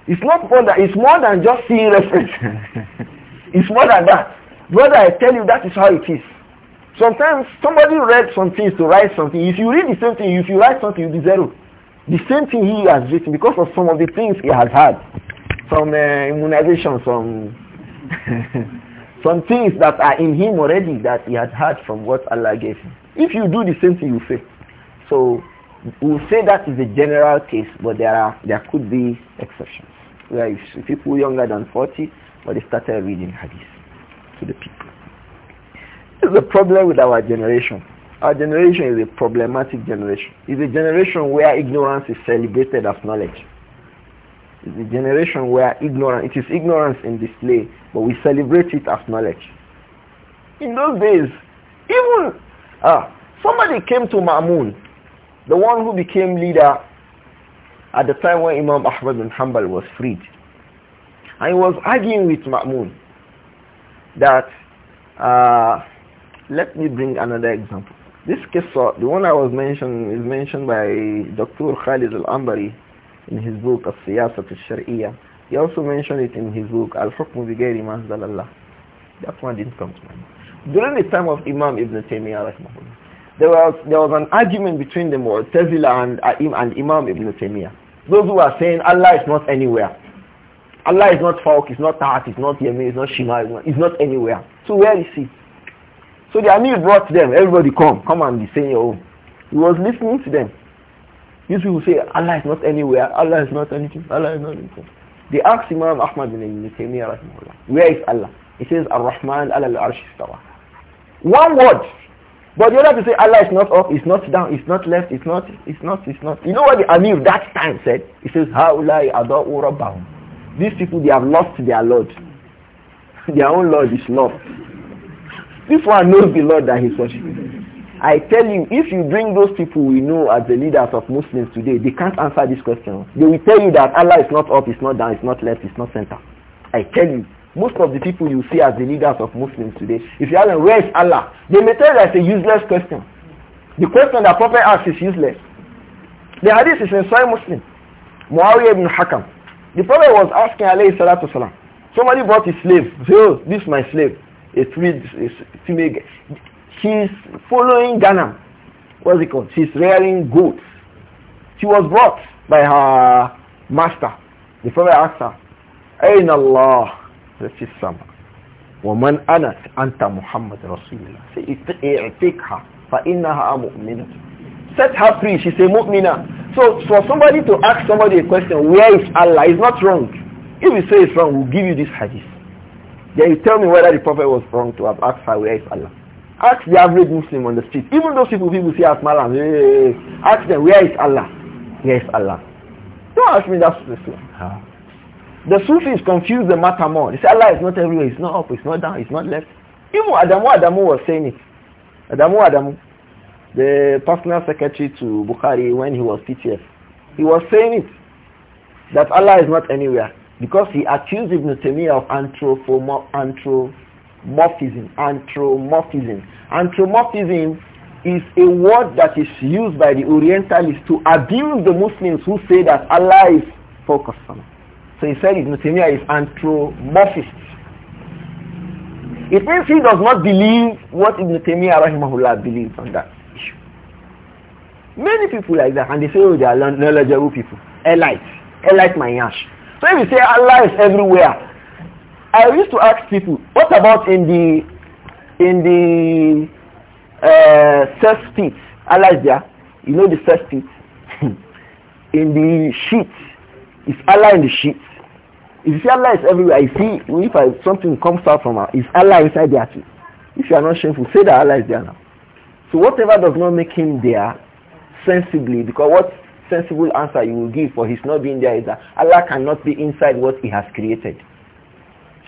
It's not more than, it's more than just seeing references. it's more than that. Brother, I tell you, that is how it is. Sometimes somebody read some things to write something. If you read the same thing, if you write something, you'll be zero. The same thing he has written because of some of the things he has had. Some uh, immunization, some, some things that are in him already that he has had from what Allah gave him. If you do the same thing, you fail. So we'll say that is a general case, but there are there could be exceptions. Where if people younger than 40, but they started reading hadith to the people is the problem with our generation. Our generation is a problematic generation. It's a generation where ignorance is celebrated as knowledge. It's a generation where ignorance, it is ignorance in display, but we celebrate it as knowledge. In those days, even ah, somebody came to Ma'mun, the one who became leader at the time when Imam Ahmad bin Hanbal was freed. And he was arguing with Ma'mun that uh, let me bring another example. This case, uh, the one I was mentioned, is mentioned by Dr. Khalid al-Ambari in his book Al-Siyasat al-Shar'iyya. He also mentioned it in his book Al-Hukm bi-Gayri Manzalallah. That one didn't come to mind. During the time of Imam Ibn Taymiyyah there was, there was an argument between the Mu'tazila and, uh, and Imam Ibn Taymiyyah. Those who are saying Allah is not anywhere. Allah is not Fawq, it's not Ta'at, it's not Yemen, it's not Shima, is not, it's not anywhere. So where is he? So the Amir brought them. Everybody come. Come and be saying your oh, own. He was listening to them. These people say, Allah is not anywhere. Allah is not anything. Allah is not anything. They asked Imam Ahmad bin Ibn Taymiyyah, where is Allah? He says, Ar-Rahman ala al-arsh One word. But the other to say, Allah is not up, it's not down, it's not left, it's not, it's not, it's not. You know what the Amir that time said? He says, Ha'ulai adau rabbahum. These people, they have lost their Lord. their own Lord is lost. This one knows the Lord that he's worshiping. I tell you, if you bring those people we know as the leaders of Muslims today, they can't answer this question. They will tell you that Allah is not up, it's not down, it's not left, it's not center. I tell you, most of the people you see as the leaders of Muslims today, if you ask them, where is Allah? They may tell you that's a useless question. The question that Prophet asks is useless. The hadith is in Sahih Muslim. Muawiyah ibn Hakam. The Prophet was asking alayhi salatu salam. Somebody brought his slave. Say, oh, this is my slave a female. She's following Ghana. What's it called? She's rearing goats. She was brought by her master. The father asked her, Ain Allah. This is Sama. ومن أنا أنت محمد رسول الله take her فإنها مؤمنة set her free she's a mu'mina so for somebody to ask somebody a question where is Allah It's not wrong if you say it's wrong we'll give you this hadith then you tell me whether the Prophet was wrong to have asked her where is Allah. Ask the average Muslim on the street. Even those people people say as Malam, hey, ask them where is Allah? Where is Allah? Don't ask me that." Islam. Huh? The Sufis confuse the matter more. They say Allah is not everywhere. It's not up. It's not down. It's not left. Even Adamu Adamu was saying it. Adamu Adamu, the personal secretary to Bukhari when he was PTF, he was saying it that Allah is not anywhere. Because he accused Ibn Taymiyyah of anthropomorphism. Anthropomorphism. Anthropomorphism is a word that is used by the Orientalists to abuse the Muslims who say that Allah is focused on. So he said Ibn Taymiyyah is anthropomorphist. It means he does not believe what Ibn Taymiyyah rahimahullah believes on that issue. Many people like that and they say, oh, they are knowledgeable people. Elite. Elite my yash. So if you say Allah is everywhere, I used to ask people, what about in the in the uh, self pit? Allah is there. You know the self pit. in the sheet, is Allah in the sheet? If you see Allah is everywhere, I see if I, something comes out from her, is Allah inside there too? If you are not shameful, say that Allah is there now. So whatever does not make him there sensibly, because what sensible answer you will give for his not being there is that Allah cannot be inside what he has created.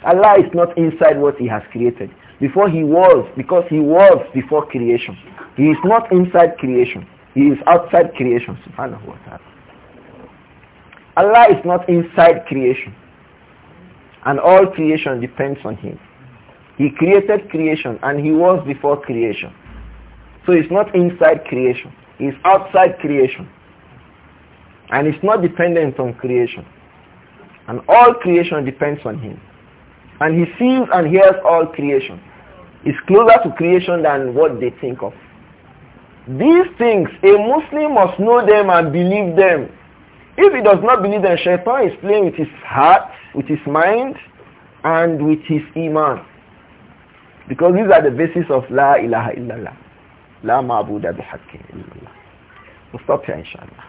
Allah is not inside what he has created. Before he was, because he was before creation. He is not inside creation. He is outside creation. Subhanahu wa ta'ala. Allah is not inside creation. And all creation depends on him. He created creation and he was before creation. So he's not inside creation. He's outside creation. And it's not dependent on creation. And all creation depends on him. And he sees and hears all creation. He's closer to creation than what they think of. These things, a Muslim must know them and believe them. If he does not believe them, Shaitan is playing with his heart, with his mind, and with his iman. Because these are the basis of La ilaha illallah. La ma'buda bihaqqin illallah. We'll stop here inshallah.